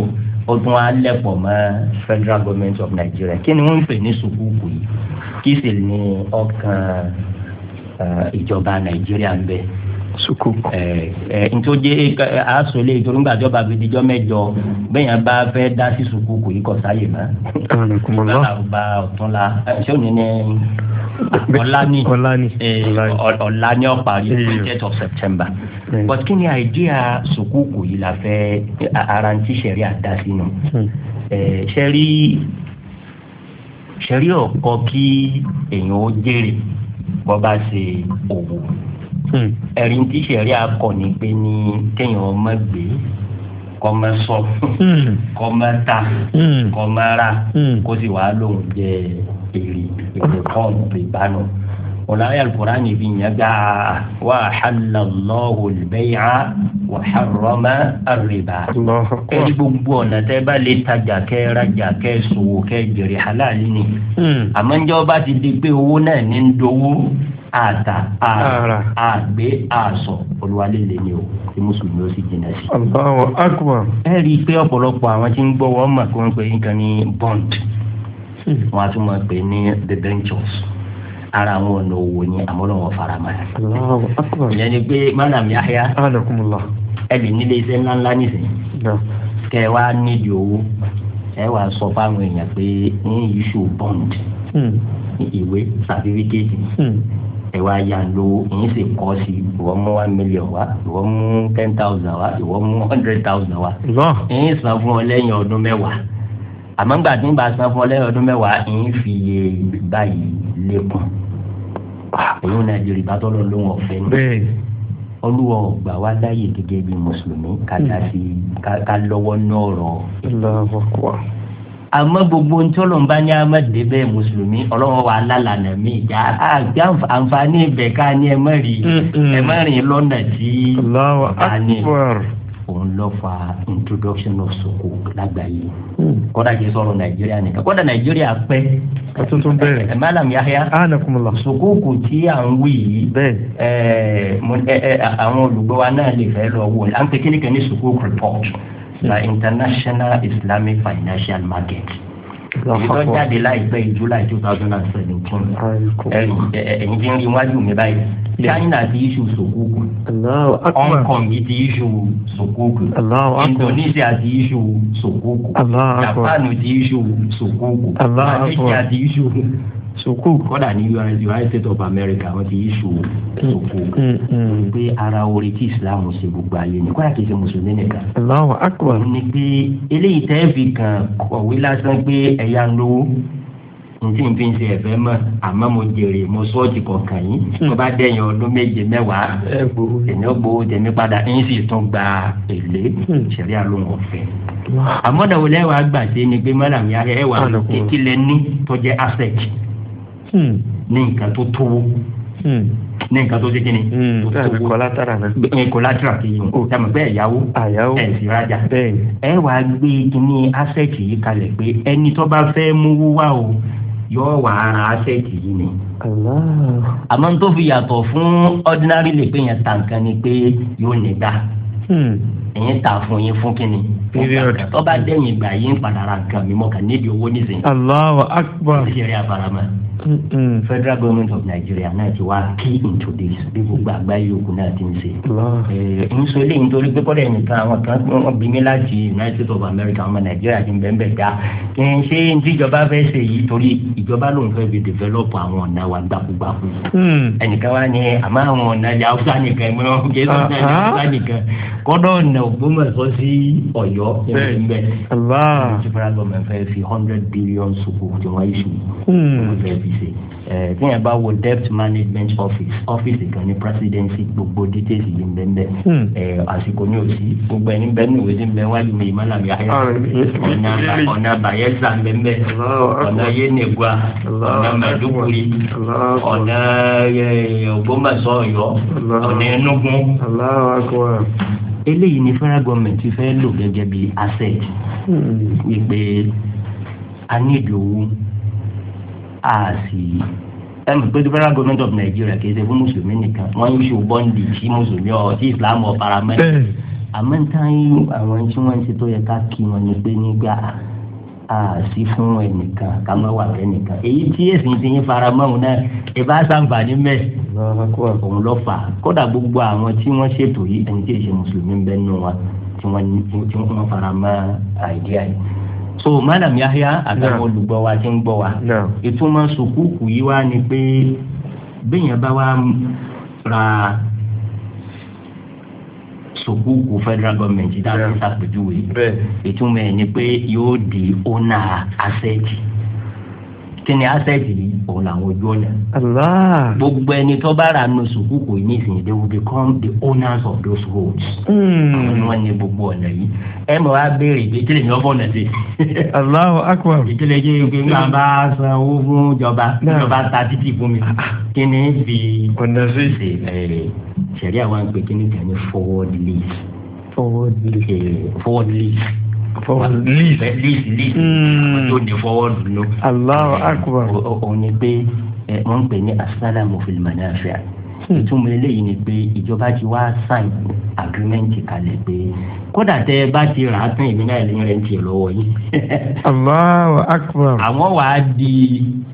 ó tún á lẹ̀pọ̀ mọ́ federal government of nigeria kí ni wọ́n ń pè ní sukuk yìí kí sì ni ọkàn eh, ìjọba nàìjíríà ń bẹ́ẹ̀ sukuku. ẹ ẹ ntọ́jẹ́ asọ̀lẹ̀ ìtọ́nugbà tó bá fi dijọ́ mẹ́jọ bẹ́ẹ̀ bá fẹ́ dá sí sukuku yìí kọ́ sáyè mọ́. kọ́nà bá ọ̀tún la ṣé òun ni ọ̀làní ọ̀làní ọ̀parí twentieth of september but kí ni àìdíyà sukuku yìí la fẹ́ ara ti sẹ̀rí àdá sínú sẹ̀rí hmm. sẹ̀rí ọ̀kọ́ kí èèyàn ó jèrè bọ́ bá ṣe òwò. Hmm. ẹ̀rín tí sẹ̀rí akọ ni pé ní kéèyàn ọmọ gbé kọ́ mọ sọ kọ́ mọ ta kọ́ mọ ra kó sì wàá lóun jẹ èrè èrè kan ìbánu ọ̀làyà alukur'an ibi yẹn gba wa halallahu albay'a wa harrama arriba. ẹni gbogbo ọ̀nà tẹ́ bá lè tajà kẹ́ rajà kẹ́ sòwò kẹ́ jèrè halali ni. Hmm. àmọ́ njẹ́ ọba ti di pé owó náà ní ń dowó a àgbé àsọ olùwalé lè ní o tí mùsùlùmí ó sì jìnnà sí. i pé ọ̀pọ̀lọpọ̀ àwọn tí ń gbọ́ wọn mà kí wọ́n pè é nǹkan ní bond wọ́n ni tún máa pè é ní the ara àwọn ọ̀nà òwò ni àmọ́lọ́wọ́ farama. Allahu akbar. ìyẹn ni pé ẹ lè nílé iṣẹ́ nísìnyí kẹ wá nídìí owó ẹ sọ fáwọn èèyàn pé ní bond hmm. ìwé ẹ wá yà ló ń sì kọ́ sí ìwọ mú one million wa ìwọ mú ten thousand wa ìwọ mú hundred thousand wa ń san fún ọ lẹ́yìn ọdún mẹ́wàá àmọ́ gbà tí ń bá san fún ọ lẹ́yìn ọdún mẹ́wàá ń fi iye báyìí lékun òun náà jèrè bá tọ́lọ́ ló ń ọ̀fẹ́ ni olúwa ọgbà wa láyè gẹ́gẹ́ bí mùsùlùmí ká lọ́wọ́ náà rọ̀ àmọ́ gbogbo ntọ́lọ́mbá ní amadé bẹ́ẹ̀ mùsùlùmí ọlọ́wọ́ wa lálànà mi ìjà àgbà àǹfààní ibẹ̀ ká ní ẹ má rí mm, mm. ẹ má rìn lọ́nà tí àní òun lọ fa introduction of soko lágbàáyé mm. kódà kìí sọ̀rọ̀ nàìjíríà nìkan kódà nàìjíríà pẹ́ tuntun bẹ́ẹ̀ ẹ̀ má làm yáyá soko kò tí à ń wí yìí bẹ́ẹ̀ àwọn olùgbọ́ wa náà lè fẹ́ lọ wò ní à ń pe kíníkan ní soko report the international islamic financial market ìtọ́ jáde láìpẹ́ july two thousand and seventeen ẹ̀yin tí ń rí wájú mi báyìí china ti iṣu sokoku hong kong ti iṣu sokoku indonesia ti iṣu sokoku japan ti iṣu sokoku malaysia ti iṣu sukuu kọ́dà ní United of America wọ́n ti yí sùn sukuu pé ara orí tí Islam ṣe gbogbo ayé ni kọ́dà kìí ṣe mùsùlùmí nìkan. Allahu akbar. ní pé eléyìí tẹ́ fi kàn kọ̀wé lásán pé ẹ̀yà ń lówó nti n fi n ṣe ẹfẹ mọ àmọ́ mo jèrè mo sọọjì kọkàn yìí mm. tó bá dẹ̀yìn ọdún méje mẹ́wàá èmi ó gbowó tèmi padà ń sì tún gba èlé ìṣẹ̀lẹ̀ mm. àlóhùn ọ̀fẹ́. àmọ́ dàwọlẹ́ wàá gbà sí ni pé mọ́làmí ara ẹ̀ wà tó jẹ́ asẹ́kì. Hmm. ní nǹkan tó tówó hmm. ní nǹkan tó ṣe kí ni. tàbí kọ́látàrà náà. kọ́látàrà kì í o tàbí bẹ́ẹ̀ yáwó ẹ̀ sì rajà. ẹ wà á gbé kíní asẹ́ẹ̀tì yìí kalẹ̀ pé ẹni tó bá fẹ́ mówó wá o yóò wà á ra asẹ́ẹ̀tì yìí ni. àmọ́ tó fi yàtọ̀ fún ordinary lè pé yẹn tàǹkan ni pé yóò nígbà. Hmm ẹ̀yin ta fún yín fún kínní. tó bá dẹ́yìn ìgbà yín padà ra mímọ́ kan níbi owó nísìnyí. Allahu Akbar. nàìjíríà farama. federal government of Nigeria náà ti wá key into this bí gbogbo àgbáyé yòókù náà ti ń ṣe. n sọ eléyìí nítorí pé kọ́dọ̀ ẹnìkan àwọn kan wọ́n bí mi láti United States of America ọmọ nàìjíríà ti ń bẹ́ẹ̀ bẹ́ẹ̀ dá. kì í ṣe tí ìjọba fẹ́ ṣe yìí torí ìjọba ló ń fẹ́ fi develop àwọn ọ̀nà wa gbàkúgbàkú. Hmm. ẹnìkan wá ní àmọ́ àwọn ọ̀nà Ògbómọ̀ṣọ́ sí Ọ̀yọ́ ẹgbẹ́ ìṣèfara gọọmẹnt fẹẹ fi hundred billion sukuu tí wọn yìí sùn fẹẹ fi ṣe tí yẹn bá wo debt management office office kan ní presidency gbogbo details yìí ń bẹ́ẹ̀ bẹ́ẹ̀ hmm. àsìkò ní òsì gbogbo ẹni bẹ́ẹ̀ ní òwe tí ń bẹ́ẹ̀ wáyé mi ìmọ̀lá mi ayé ọ̀nà bayelsa ń bẹ́ẹ̀ bẹ́ẹ̀ ọ̀nà yenegua ọ̀nà maiduguri ọ̀nà Ògbómọ̀ṣọ́ Ọ̀yọ́ ọ̀nà Enugu eléyìí ni federal government fẹ́ lò gẹ́gẹ́ bí asset ni hmm. pé a need owó a sì ẹnu pé federal government of Nigeria kì í ṣe fún mùsùlùmí nìkan wọ́n ń ṣe bọ́ǹdì sí mùsùlùmí ọ̀ sí Islam ọ̀ paramẹ́ àmọ́ ń tí wọ́n ń ṣe tó yẹ ká kí wọn ni pé nígbà àásí fún ẹnìkan ká má wà lẹ́nìkan èyí tí ẹ̀sìn ti ń fara mọ́ òun náà ẹ bá sàǹfààní mẹ́ òun lọ fà kódà gbogbo àwọn tí wọ́n ṣètò yìí ẹni tí èsì mùsùlùmí ń bẹ nù wọn tí wọ́n fara mọ́ àìdíyà yìí so madam yahya àtàwọn olùgbọ́ wa ti ń gbọ́ wa ìtumọ̀ sùkúùkù yìí wá ni pé bẹ́ẹ̀ yẹn bá wá ra sùkúùkù federal government tá a fi ṣàpèjúwe ìtumọ̀ ẹ̀ ni pé yóò di ọ̀nà asẹ́ẹ̀tì kí ni asẹ́ẹ̀tì yìí òun làwọn ojú ọ̀nà. gbogbo ẹni tó bá ra nu sùkúùkù yìí nísìnyí they will become the owners of those roads. àwọn ni wọ́n ní gbogbo ọ̀nà yìí ẹ mọ̀ wá béèrè pé kí lè ní ọ̀bọ̀n sí. Allahu akbar. ìdílé jẹ́ ìpín máa bá san owó fún ìjọba ìjọba ta títì fún mi kí fi ọ̀nà sí sẹ̀rí àwọn àgbẹ̀ kí ni forward lease. forward lease. Eh, forward lease. forward lease. lease lease. àwọn hmm. tó ní forward nù. Allahu akbar. òun eh, ni pé eh, wọ́n ń pè ní asálàmù fìlìmọ̀nàfíà hmm. ìtumọ̀ eléyìí ni pé ìjọba ti wá sign agreement kalẹ̀ pé kódà tẹ ẹ bá ti rà á tán èmi náà lẹ́yìn rẹ̀ ń tiẹ̀ lọ́wọ́ yìí. Allahu akbar. àwọn wàá di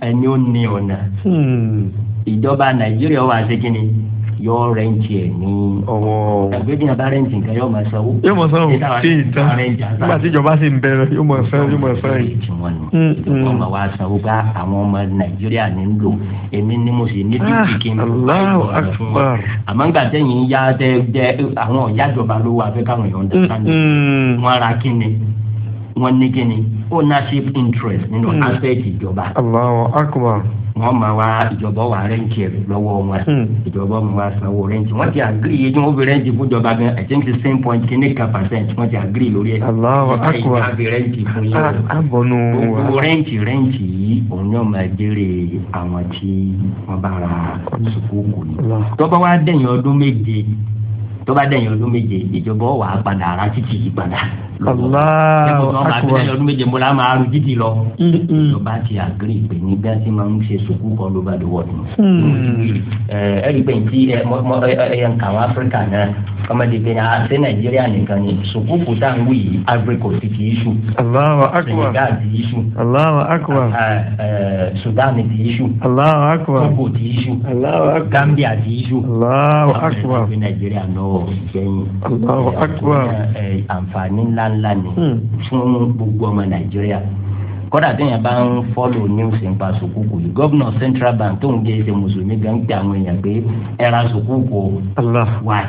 ẹni ó ní ọ̀nà. Hmm. ìjọba nàìjíríà wà á ṣe kí ni yọ rẹ́ǹtì ẹ̀ ní ọwọ́ ẹgbẹ́bí yẹn bá rẹ́ǹtì nǹkan yọ máa sanwó. yóò mọ sanwó nígbà tí ìjọba sì ń yóò sanwó yóò sanwó. máa mm, mm. wá sanwó bá àwọn ọmọ nàìjíríà ní lò èmi ni mo sì ní bíbí ah, kí n bá ọ̀rọ̀ fún àmọ́ nígbà tẹ̀yìn ya tẹ jẹ àwọn ló wà fẹ́ káwọn èèyàn mm, wọn ra kíni wọn ní wọ́n máa wá ìjọba wà rẹ́ǹkì rẹ̀ lọ́wọ́ wọn hmm. ìjọba wọn wá sanwó rẹ́ǹkì wọ́n ti àgírí iye tí wọ́n fi fún ìjọba gan i think sixteen point kìíní kan percent wọ́n ti àgírí lórí ẹ̀. aláwọ akọ abọnu wa gbogbo rẹ́ǹkì rẹ́ǹkì yìí òun yóò máa jèrè àwọn tí wọ́n bá ra sukuu kù ní. tọ́ba wa dẹ̀yìn ọdún méje tó bá dẹ̀yìn ọdún méje ìjọba wà á padà ara títì yìí padà. ọlọ́ọ̀ àkùrọ̀ ẹ̀yìn ọdún méje mo la máa ru títì lọ. ìjọba ti àgírí pé ní bí a ti máa ń ṣe sukú kan ló di wọ́ọ̀dù. ẹ̀rí mm. pé tí ẹ̀yẹ nǹkan àwọn áfíríkà náà kọ́mọ́dé pé àti ah, nàìjíríà nìkan ni sukú kò tá à ń wí yìí áfíríkà ti kì í ṣù. aláwọ̀ sudan ti í ṣù. aláwọ̀ gambia ti í ṣù. aláwọ̀ àkùrọ̀ nàìjíríà náà àǹfààní ńláńlá ni hmm. fún gbogbo ọmọ nàìjíríà kódà téèyàn bá ń fọ́lò news nípa sùkúùkù yìí gómìnà central bank tó ń jẹ́ ìṣe mùsùlùmí gan gbé àwọn èèyàn pé ẹ̀ra sùkúùkù wà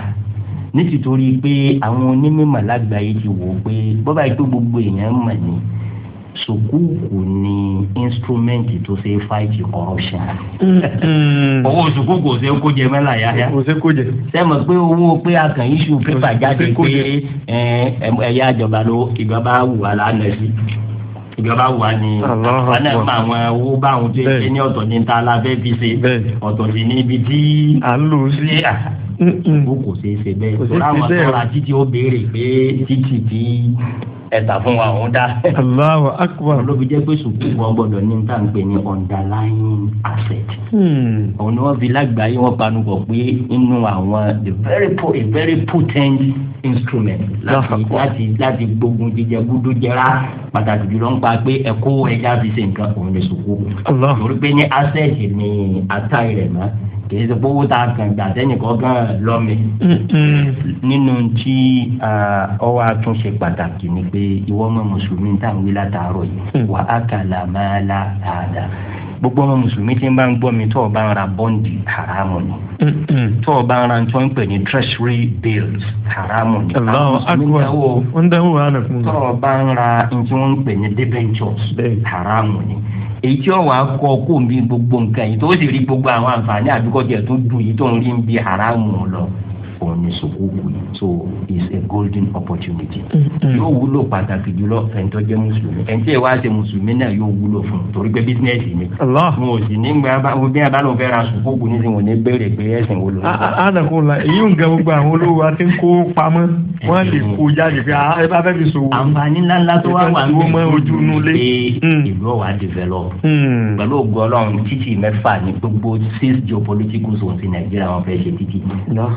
nítorí pé àwọn onímọ̀ lágbàáyé ti wò ó pé bọ́bá yìí tó gbogbo èèyàn mọ̀ ni sukuku ni instrument tó ṣe fight corruption. Mm-hmm. owó sukuku ò ṣe kó jẹ mẹ́la yáyá. ò ṣe kó jẹ. sẹ́mi pé owó pé a kàn issue paper jáde pé ẹ̀yà ìjọba ló ìjọba wù wá lánàá sí ìjọba wà ní ọ̀nà ìmọ̀ àwọn owó bá àwọn tó ṣe ní ọ̀tọ̀ ní ta la fẹ́ fi ṣe ọ̀tọ̀ sí ní ibi tí. à ń lò ó sí. owó kò ṣeé ṣe bẹ́ẹ̀ tó láwọn tó ra títí ó béèrè pé títí tí ẹ̀ta fún wa òun dá. Allahu akbar. olóbi jẹ́ pé sùkúù wọn gbọ́dọ̀ ní nǹkan pè ní underlying asset. Hmm. òun ni wọ́n fi lágbàáyé wọ́n panu pọ̀ pé nínú àwọn the very a very potent instrument láti láti láti gbógun jíjẹ gúdú jẹra pàtàkì jùlọ ń pa pé ẹ̀kọ́ ẹja fi ṣe nǹkan òun ni sùkúù. torí pé ní asset ni ata rẹ̀ mọ́ kì í ṣe pé owó tá a kàn gbà tẹ́nìkan gan lọ́mì. nínú tí ọwọ́ àtúnṣe pàtàkì ni pé ìwọ́n mọ̀ mùsùlùmí tá wí látàárọ̀ yìí wà á kà là máa gbogbo ọmọ mùsùlùmí tí ń bá ń gbọ́ mi tó o bá ń ra bọ́ǹdì haramu ni tó o bá ń ra tó pè ní treasury bills haramu ni àwọn mùsùlùmí dáwọ́ tó o bá ń ra tí wọ́n ń pè ní debentures haramu ni èyí tí ọwọ́ akọ kó mi gbogbo nǹkan yìí tó sì rí gbogbo àwọn àǹfààní àdúgbò jẹ tó dùn yìí tó ń rí ń bi haramu lọ òun ni sùkúùkù yìí so it's a golden opportunity. Mm-hmm. yóò wúlò pàtàkì jùlọ ẹ̀ńtọ́ jẹ́ mùsùlùmí ẹ̀ńtí ẹ̀ wá ṣe mùsùlùmí náà yóò wúlò fún un torí pé bísíǹnẹ̀sì ni. mo sì ní gbà bí a bá lọ fẹ́ ra sùkúùkù ní ìsìn òní béèrè pé ẹ̀sìn wo ló ń bọ̀. àdàkùn la èyí ń gẹ gbogbo àwọn olówó àti ń kó pamọ́ wọ́n lè kó jáde pé ẹ bá fẹ́ fi sòwò. àǹfààní ńláńlá tó wà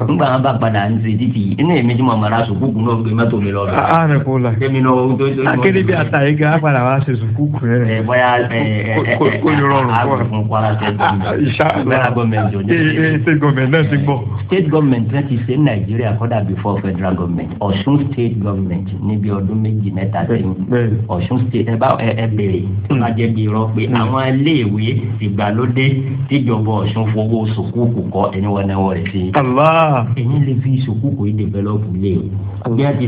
wà ń bẹ bá padà ń ṣe títì inú èmi tí mo mọ̀ ra sùkúùkù náà gbé mọ́tò mi lọ́dọ̀. a ah, ah, rẹ̀ kó la akéde bí àtàyè gan padà wá ṣe sùkúùkù rẹ̀. ẹ bọ́yá ẹ ẹ kó ní eh, rọrùn fún wa. federal ah, government ò ní eh, ṣe. Eh, state government náà ti gbọ́. state government náà ti ṣe nàìjíríà kọ́dà before federal government ọ̀ṣun state government níbi ọdún méjì mẹ́ta sẹ́yìn ọ̀ṣun state ẹ bá ẹ bèrè tó bá jẹ́ bí irọ́ pé hmm. àwọn iléèwé ìgbàlódé tíjọba ọ̀ṣun fowó sùkúùkù kọ́ ẹni wọn náà wọ̀ rẹ̀ sí lè fi ìṣòkòkò yìí dẹ̀bẹ̀lọ́pù lé o bí a ti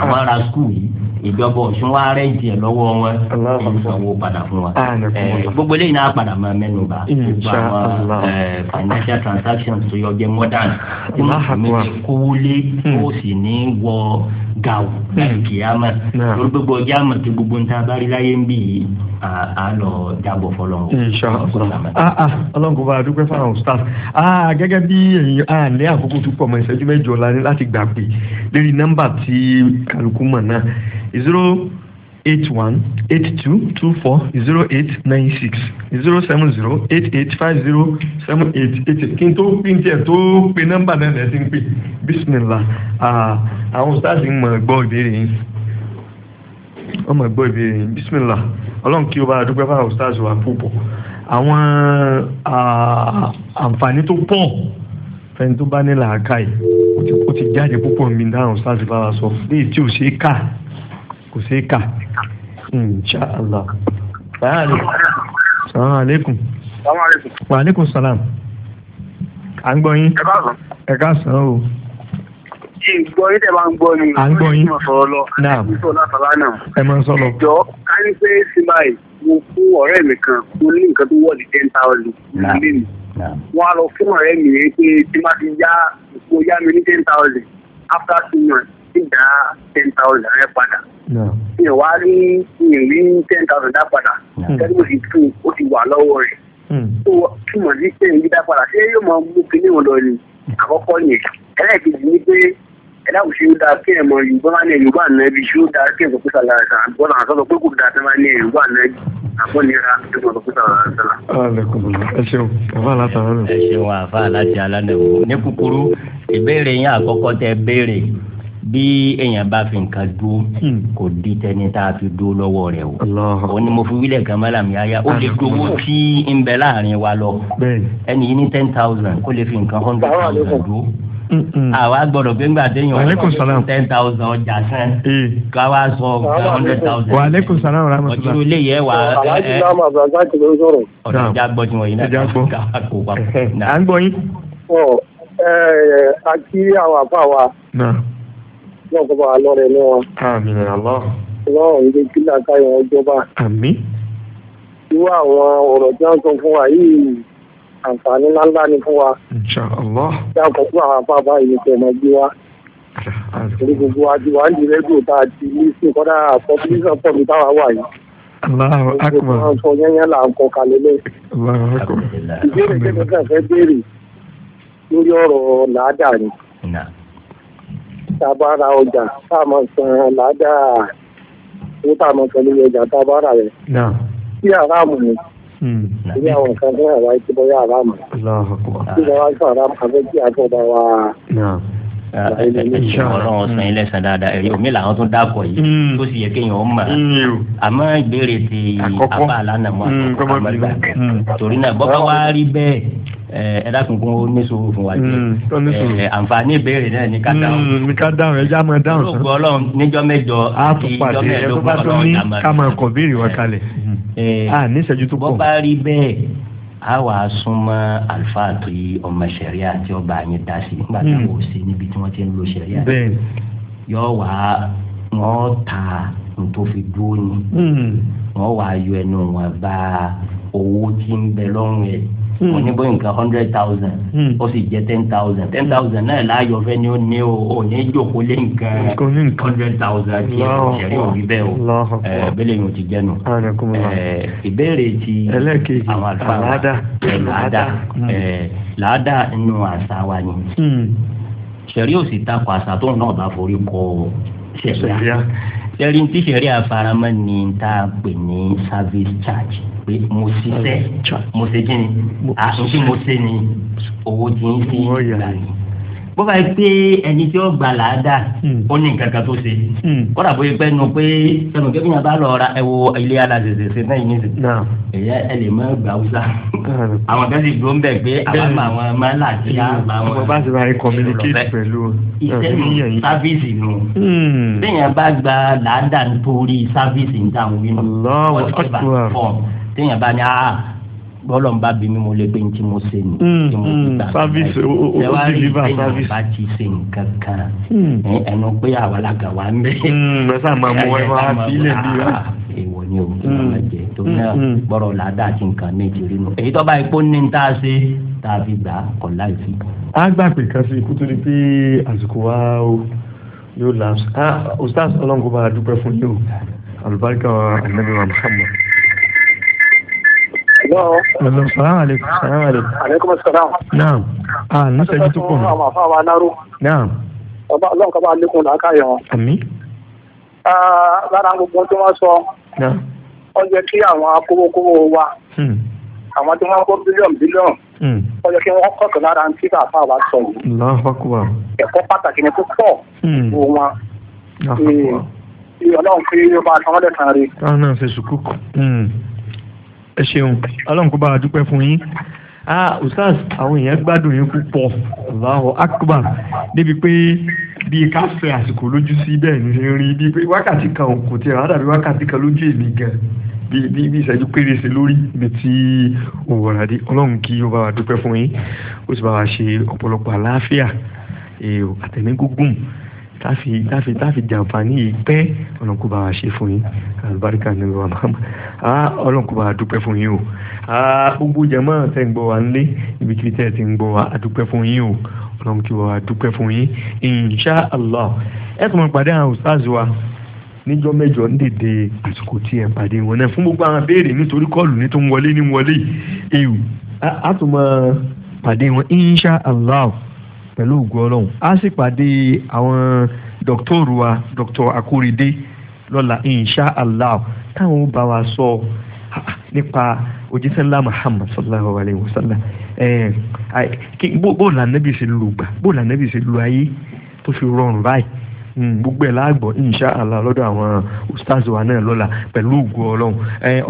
àwọn ará skul yìí ìjọba ọ̀ṣun wa rẹ̀ jẹ́ lọ́wọ́ wọn ìsanwó padà fún wa gbogbo eléyìí náà padà máa mẹ́nu bá gbogbo àwọn financial transactions tó yọ jẹ́ modern tí mùsùlùmí ti kówó lé kó hmm. sì ní wọ gàù hmm. láì kìyàmà lórí gbogbo ọjà àmọ̀ tí gbogbo ń ta abárí láyé ń bì yìí a lọ jábọ̀ fọlọ́ ah, ah, ọlọ́run kò bá a dúpẹ́ fáwọn staff ah, gẹ́gẹ́ bí ẹ̀yin a ní àkókò tó pọ̀ mọ́ ìṣẹ́jú mẹ́jọ láti gbàgbé lórí nọ́mbà tí kálukú mọ̀ náà zero eight one eight two two four zero eight nine six zero seven zero eight eight five zero seven eight eight eight kí n tó pín tiẹ̀ tó pe nọ́mbà náà lẹ́sìn ń pè bísímìlà àwọn sáàsì ń mọ̀ gbọ́ ìbéèrè yín wọ́n mọ̀ gbọ́ ìbéèrè yín bísímìlà ọlọ́run kí o bá dúpẹ́ fáwọn sáàsì wa púpọ̀ àwọn àǹfààní tó pọ̀ fẹ́ni tó bá ní làákàyè ó ti jáde púpọ̀ mi dáhùn sáàsì bá wa sọ léyìí tí ò ṣe é kà kò ṣeé kà inshallah salaam aleykum wa aleykum salaam à ń gbọ́ yín ẹ ká sàn o. ìgbọ́ yín tẹ̀ máa ń gbọ́ ni. à ń gbọ́ yín náà ẹ máa ń sọ lọ. ìjọ ká ní pé simbai mo fún ọ̀rẹ́ mi kan mo ní nǹkan tó wọ̀ ní ten thousand nílé mi wọ́n á lọ fún ọ̀rẹ́ mi pé tí má ti yá kó yá mi ní ten thousand after two months sì dá ten thousand rẹ padà mi ò wá rí mi ò rí ten thousand dá padà kẹ́lí mo sì tú o ti wà lọ́wọ́ rẹ̀ tó túmọ̀ sí pé èyí dá padà ṣé yóò máa mú kinní wọn lọ ni àkọ́kọ́ yẹn ẹlẹ́ẹ̀kejì ni pé ẹ̀dá kò ṣe ó dáa kí ẹ̀ mọ yorùbá máa ní yorùbá ànábi ṣé ó dáa kí ẹ̀ sọ pé sàlà àgbọ̀nà àtọ́sọ pé kò dáa tí yorùbá ànábi àbọ̀nira tó sọ pé sàlà àtàlà. ẹ ẹ ṣeun àfa aláti aládàwò ní bí èèyàn bá fi nǹkan dúró hmm. kò di tẹni tá a fi dúró lọ́wọ́ rẹ̀ o òun ni mo fi wílẹ̀ kan mọ́lá mi àyà ó lè dowó tí ń bẹ láàrin wa lọ ẹni yìí ní ten thousand kó lè fi nǹkan hundred thousand dúró hmm, hmm. àwa gbọdọ̀ pé ńgbà téèyàn wọ́n ten thousand ọjà sẹ́n eh. ká wá sọ hundred thousand. wa aleykum salaam ilé yẹ wa. aláàjì náà ìjà gbọ́ tí wọ́n yìí náà ká kó papọ̀. à ń gbọ́ yín. ọ ẹ ẹ àti àwọn àbá wa náà kọ́ bá wa lọ́rẹ̀ ní wọn. àmín àlọ́. ọlọ́run ń gbé kílà káyọ̀ ọjọ́ba. àmín. irú àwọn ọ̀rọ̀ tí wọ́n sọ fún wa yìí àǹfààní ńláńlá ni fún wa. insha Allah. bí a kọ̀ fún àwọn afáfá yìí tẹ̀ mọ́ bí wa. torí gbogbo àdìwà ń di rédíò tá a ti ní sí kọ́dà pọ́pílísàn pọ̀ mi táwa wà yìí. Allahu akbar. Àwọn sọ yẹ́nyẹ́ là ń kọ kalẹ̀ lẹ́. Allahu fẹ́ béèrè lórí ọ̀rọ̀ làádàá ni tábà ra ọjà tá a máa san ládàá owó tá a máa san lórí ọjà tábà rà rẹ̀. sí àràmù ni ní hmm. àwọn nǹkan tó yàrá ìtúbọ̀ yàrá mọ̀. sí ìjọba ìtúbọ̀ yàrá mọ̀ àbẹ́tí àtọ̀dá wa ọlọ́run ọ̀sán yín lẹ́sàn dáadáa ẹ̀rí omi làwọn tún dákọ̀ yìí mm. tó sì yẹ kéèyàn ó mọ̀ mm, àmọ́ ìbéèrè ti àbá àlànà mọ́ mm, àkọ́kọ́ àmọ́gbà torí náà bọ́bá wá rí bẹ́ẹ̀ ẹ dákun kún ó ní sòwò fún wa jẹ àǹfààní ìbéèrè náà ní ká dáhùn ní ká dáhùn ẹ já máa dáhùn sọ olóògbé ọlọrun níjọ mẹjọ àti ìjọ mẹẹẹdógún ọlọrun dàmọ. ẹ ká máa kọ béèrè wa kalẹ̀ a níṣẹ́jú tó pọ̀. bọ́bá rí bẹ́ẹ̀ Awa suma alfa súnmọ́ àlùfáà tó yí ọmọ sẹ̀ríà tí ó bá yín dá nígbà tí kò hmm. sí níbi tí wọ́n ti ń lo sẹ̀ríà yóò wà á wọ́n ta nítòfi dúró ni hmm. wọ́n wà á yọ ẹnu wọn bá owó tí ń bẹ lọ́rùn ẹ̀ wọn ní hmm. bóyá nǹkan hundred thousand hmm. ó sì jẹ ten thousand ten thousand náà láàyò fẹ ni ó ní o ò ní jòkó lé nǹkan hundred thousand kí ẹ ṣẹlẹ òbí bẹ́ẹ̀ o ẹ bẹ́lẹ̀ yóò ti jẹnu ẹ ìbéèrè ti àwọn àlùfáà làádá hmm. làádá làádá nínú àṣà wa ni ṣẹlẹ ò sì takò àṣà tóun náà bá forí kọ ṣẹlẹ tẹ́rí ní tíṣẹ̀rí àfaramọ́ ni tá a pè ní service charge pé mo ṣiṣẹ́ mo ṣe kí ni àtúntí mo ṣe ni owó tí ń fi gbà ní bó bá yẹ pé ẹni tí ó gbà láàdá hmm. ó ní nǹkan kan tó ṣe hmm. kódà bó yẹ pé nu pé sẹnu kí ẹnìyàn bá lọ ra ẹwọ ilé alazèzè ṣe náà yìí ní sìn ẹyà ẹ lè má gbà wúsà àwọn kan sì dúró ń bẹ pé àwọn àwọn máa là sí àgbà wọn. bó bá ti máa communicate pẹ̀lú ìṣẹ́yìn sáfíìsì nù bẹ́ẹ̀yàn hmm. bá gba láàdá nítorí sáfíìsì ń tàn wí nù bá fọ̀ téèyàn bá ní àá bọ́lọ̀ ń bá bí mi mo lè gbé ní tí mo ṣe ní. Hmm, tí mo hmm, ti gbà service o o deliver service. bá ti ṣe nǹkan kan hmm. ẹnu pé àwa la gà ń bẹ. lọ́sà máa mú ẹ máa bílẹ̀ bí wa. Ah, èèwọ̀ ni o kí máa jẹ tó náà gbọ́dọ̀ làádá àti nǹkan méje rí nu. èyí tó bá ipò ní tá a ṣe tá a fi gbà kọ̀ láì fi. a gbà pé kan sí ikú tó di pé àsìkò wa o yóò la ah, ustaz ọlọ́run kò bá a dúpẹ́ fún yóò àlùbáríkà anabi wa muhammad. Hello, salaam aleykum. Salaam aleykum. Aleykum salaam. Naam. Ah, ní sẹ́jú tó pọ̀ nù. Àwọn àfa wa náró. Naam. Ọba Ọlọ́run kaba alekun náà káyọ̀ wọn. Àmín. Ah, lára gbogbo tí wọ́n sọ. Naam. Wọ́n jẹ́ kí àwọn akówókówó wa. Hmm. Àwọn tí wọ́n kó bílíọ̀nù bílíọ̀nù. Wọ́n hmm. jẹ́ kí wọ́n kọ̀tọ̀ lára tí bàbá wa sọ yìí. Láhàkùbà. Ẹ̀kọ́ pàtàkì ni púpọ̀. Hmm. Wọ́n. Láhàkùbà. Eh, Ọlọ́run fi Yorùbá àtàwọn ọ̀dẹ̀ kan náà fi sùkúkù ẹ ṣeun ọlọ́run kó bá a dúpẹ́ fún yín ah usas àwọn èèyàn gbádùn yín púpọ̀ Allahu akbar débi pé bíi ká fẹ àsìkò lójú sí bẹ́ẹ̀ ní ṣe ń rí bíi pé wákàtí kan kò tiẹ̀ rárá bí wákàtí kan lójú èmi gan bíi bíi bíi ìṣẹ́jú pérése lórí ibi tí òwòràdé ọlọ́run kí ó bá wa dúpẹ́ fún yín ó sì bá wa ṣe ọ̀pọ̀lọpọ̀ àlàáfíà àtẹ̀mí gúngùn táfi táfi táfi jàǹfààní yìí pẹ́ ọlọ́run kó bá wa ṣe fún yín àlùbáríkà wa máa ah ọlọ́run kó bá wa dúpẹ́ fún o ah gbogbo jẹ̀mọ́ tẹ́ ń gbọ́ wa nílé ibikíbi tẹ́ ti ń gbọ́ wa a dúpẹ́ fún yín o ọlọ́run kí wa dúpẹ́ fún yín insha allah ẹ tún máa pàdé àwọn ustaz wa níjọ́ mẹ́jọ ń dèdè àsìkò tí ẹ pàdé wọn náà fún gbogbo àwọn béèrè nítorí kọ́ọ̀lù ní tó ń wọlé ní wọlé ewu a pàdé wọn insha allah pẹ̀lú ògùn ọlọ́run a sì pàdé àwọn dọ́kítọ́rù wa dr akóredé lọ́la insha allah táwọn bá wa sọ nípa òjíṣẹ́ ńlá muhammad sallallahu alayhi wa sallam bó lànà bí ṣe lùgbà bó lànà bí ṣe lu ayé tó fi rọrùn báyìí. Mm. gbogbo ẹ̀ láàgbọ̀ insha allah lọ́dọ̀ àwọn ustaz wa náà lọ́la pẹ̀lú ògùn ọlọ́run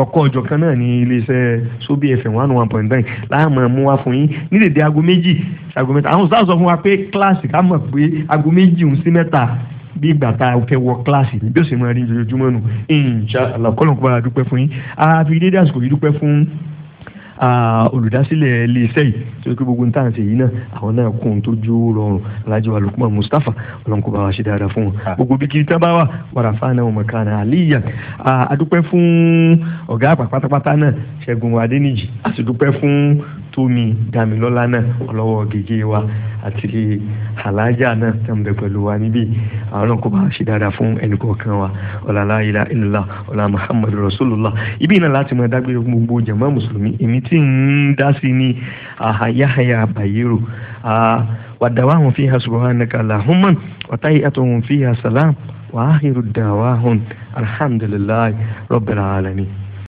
ọkọ̀ ọjọ́ kan náà ní iléeṣẹ́ sobi fm one oh one point nine láàmú mú wá fún yín ní dèdè aago méjì aago mẹ́ta àwọn ustaz sọ fún wa pé kíláàsì ká mọ̀ pé aago méjì ń sí mẹ́ta bí ìgbà tá a fẹ́ wọ kíláàsì bí ó sì máa rí ojoojúmọ́ nù insha allah kọ́lọ́n kó bá a dúpẹ́ fún yín a dédé àsìkò yìí dúpẹ́ fún olùdásílẹ̀ iléeṣẹ́ yìí tí ó kí gbogbo nǹkan ṣe yìí náà àwọn náà kún un tó jó rọrùn alájọ alukuma mustapha ọlọ́nkó bá wa ṣe dáadáa fún wọn ah. gbogbo bí kiri tábà wà wàrà fáànà ọmọ kan náà àlíyà àdúpẹ́ fún ọ̀gá àgbà pátápátá náà ṣẹ́gun adéníjì àti dúpẹ́ fún tómi dàmílọ́lá náà ọlọ́wọ́ gègé wa àti alájà náà tó ń bẹ pẹ̀lú wa níbí àwọn náà kó bá ṣe dáadáa fún ẹnìkọ̀ọ̀kan wa ọ̀làlá ilà ìlà ọ̀là muhammadu rasulullah ibi náà láti máa dágbére fún gbogbo jàmá mùsùlùmí èmi tí ń dá sí ní àhàyáhàyà àbàyérò wàdàwáhùn fi hà subhanaka allahumma wàtáyé àtọ̀hún fi hà sàlám wàhírù dàwáhùn alhamdulilayi rabbil alamin.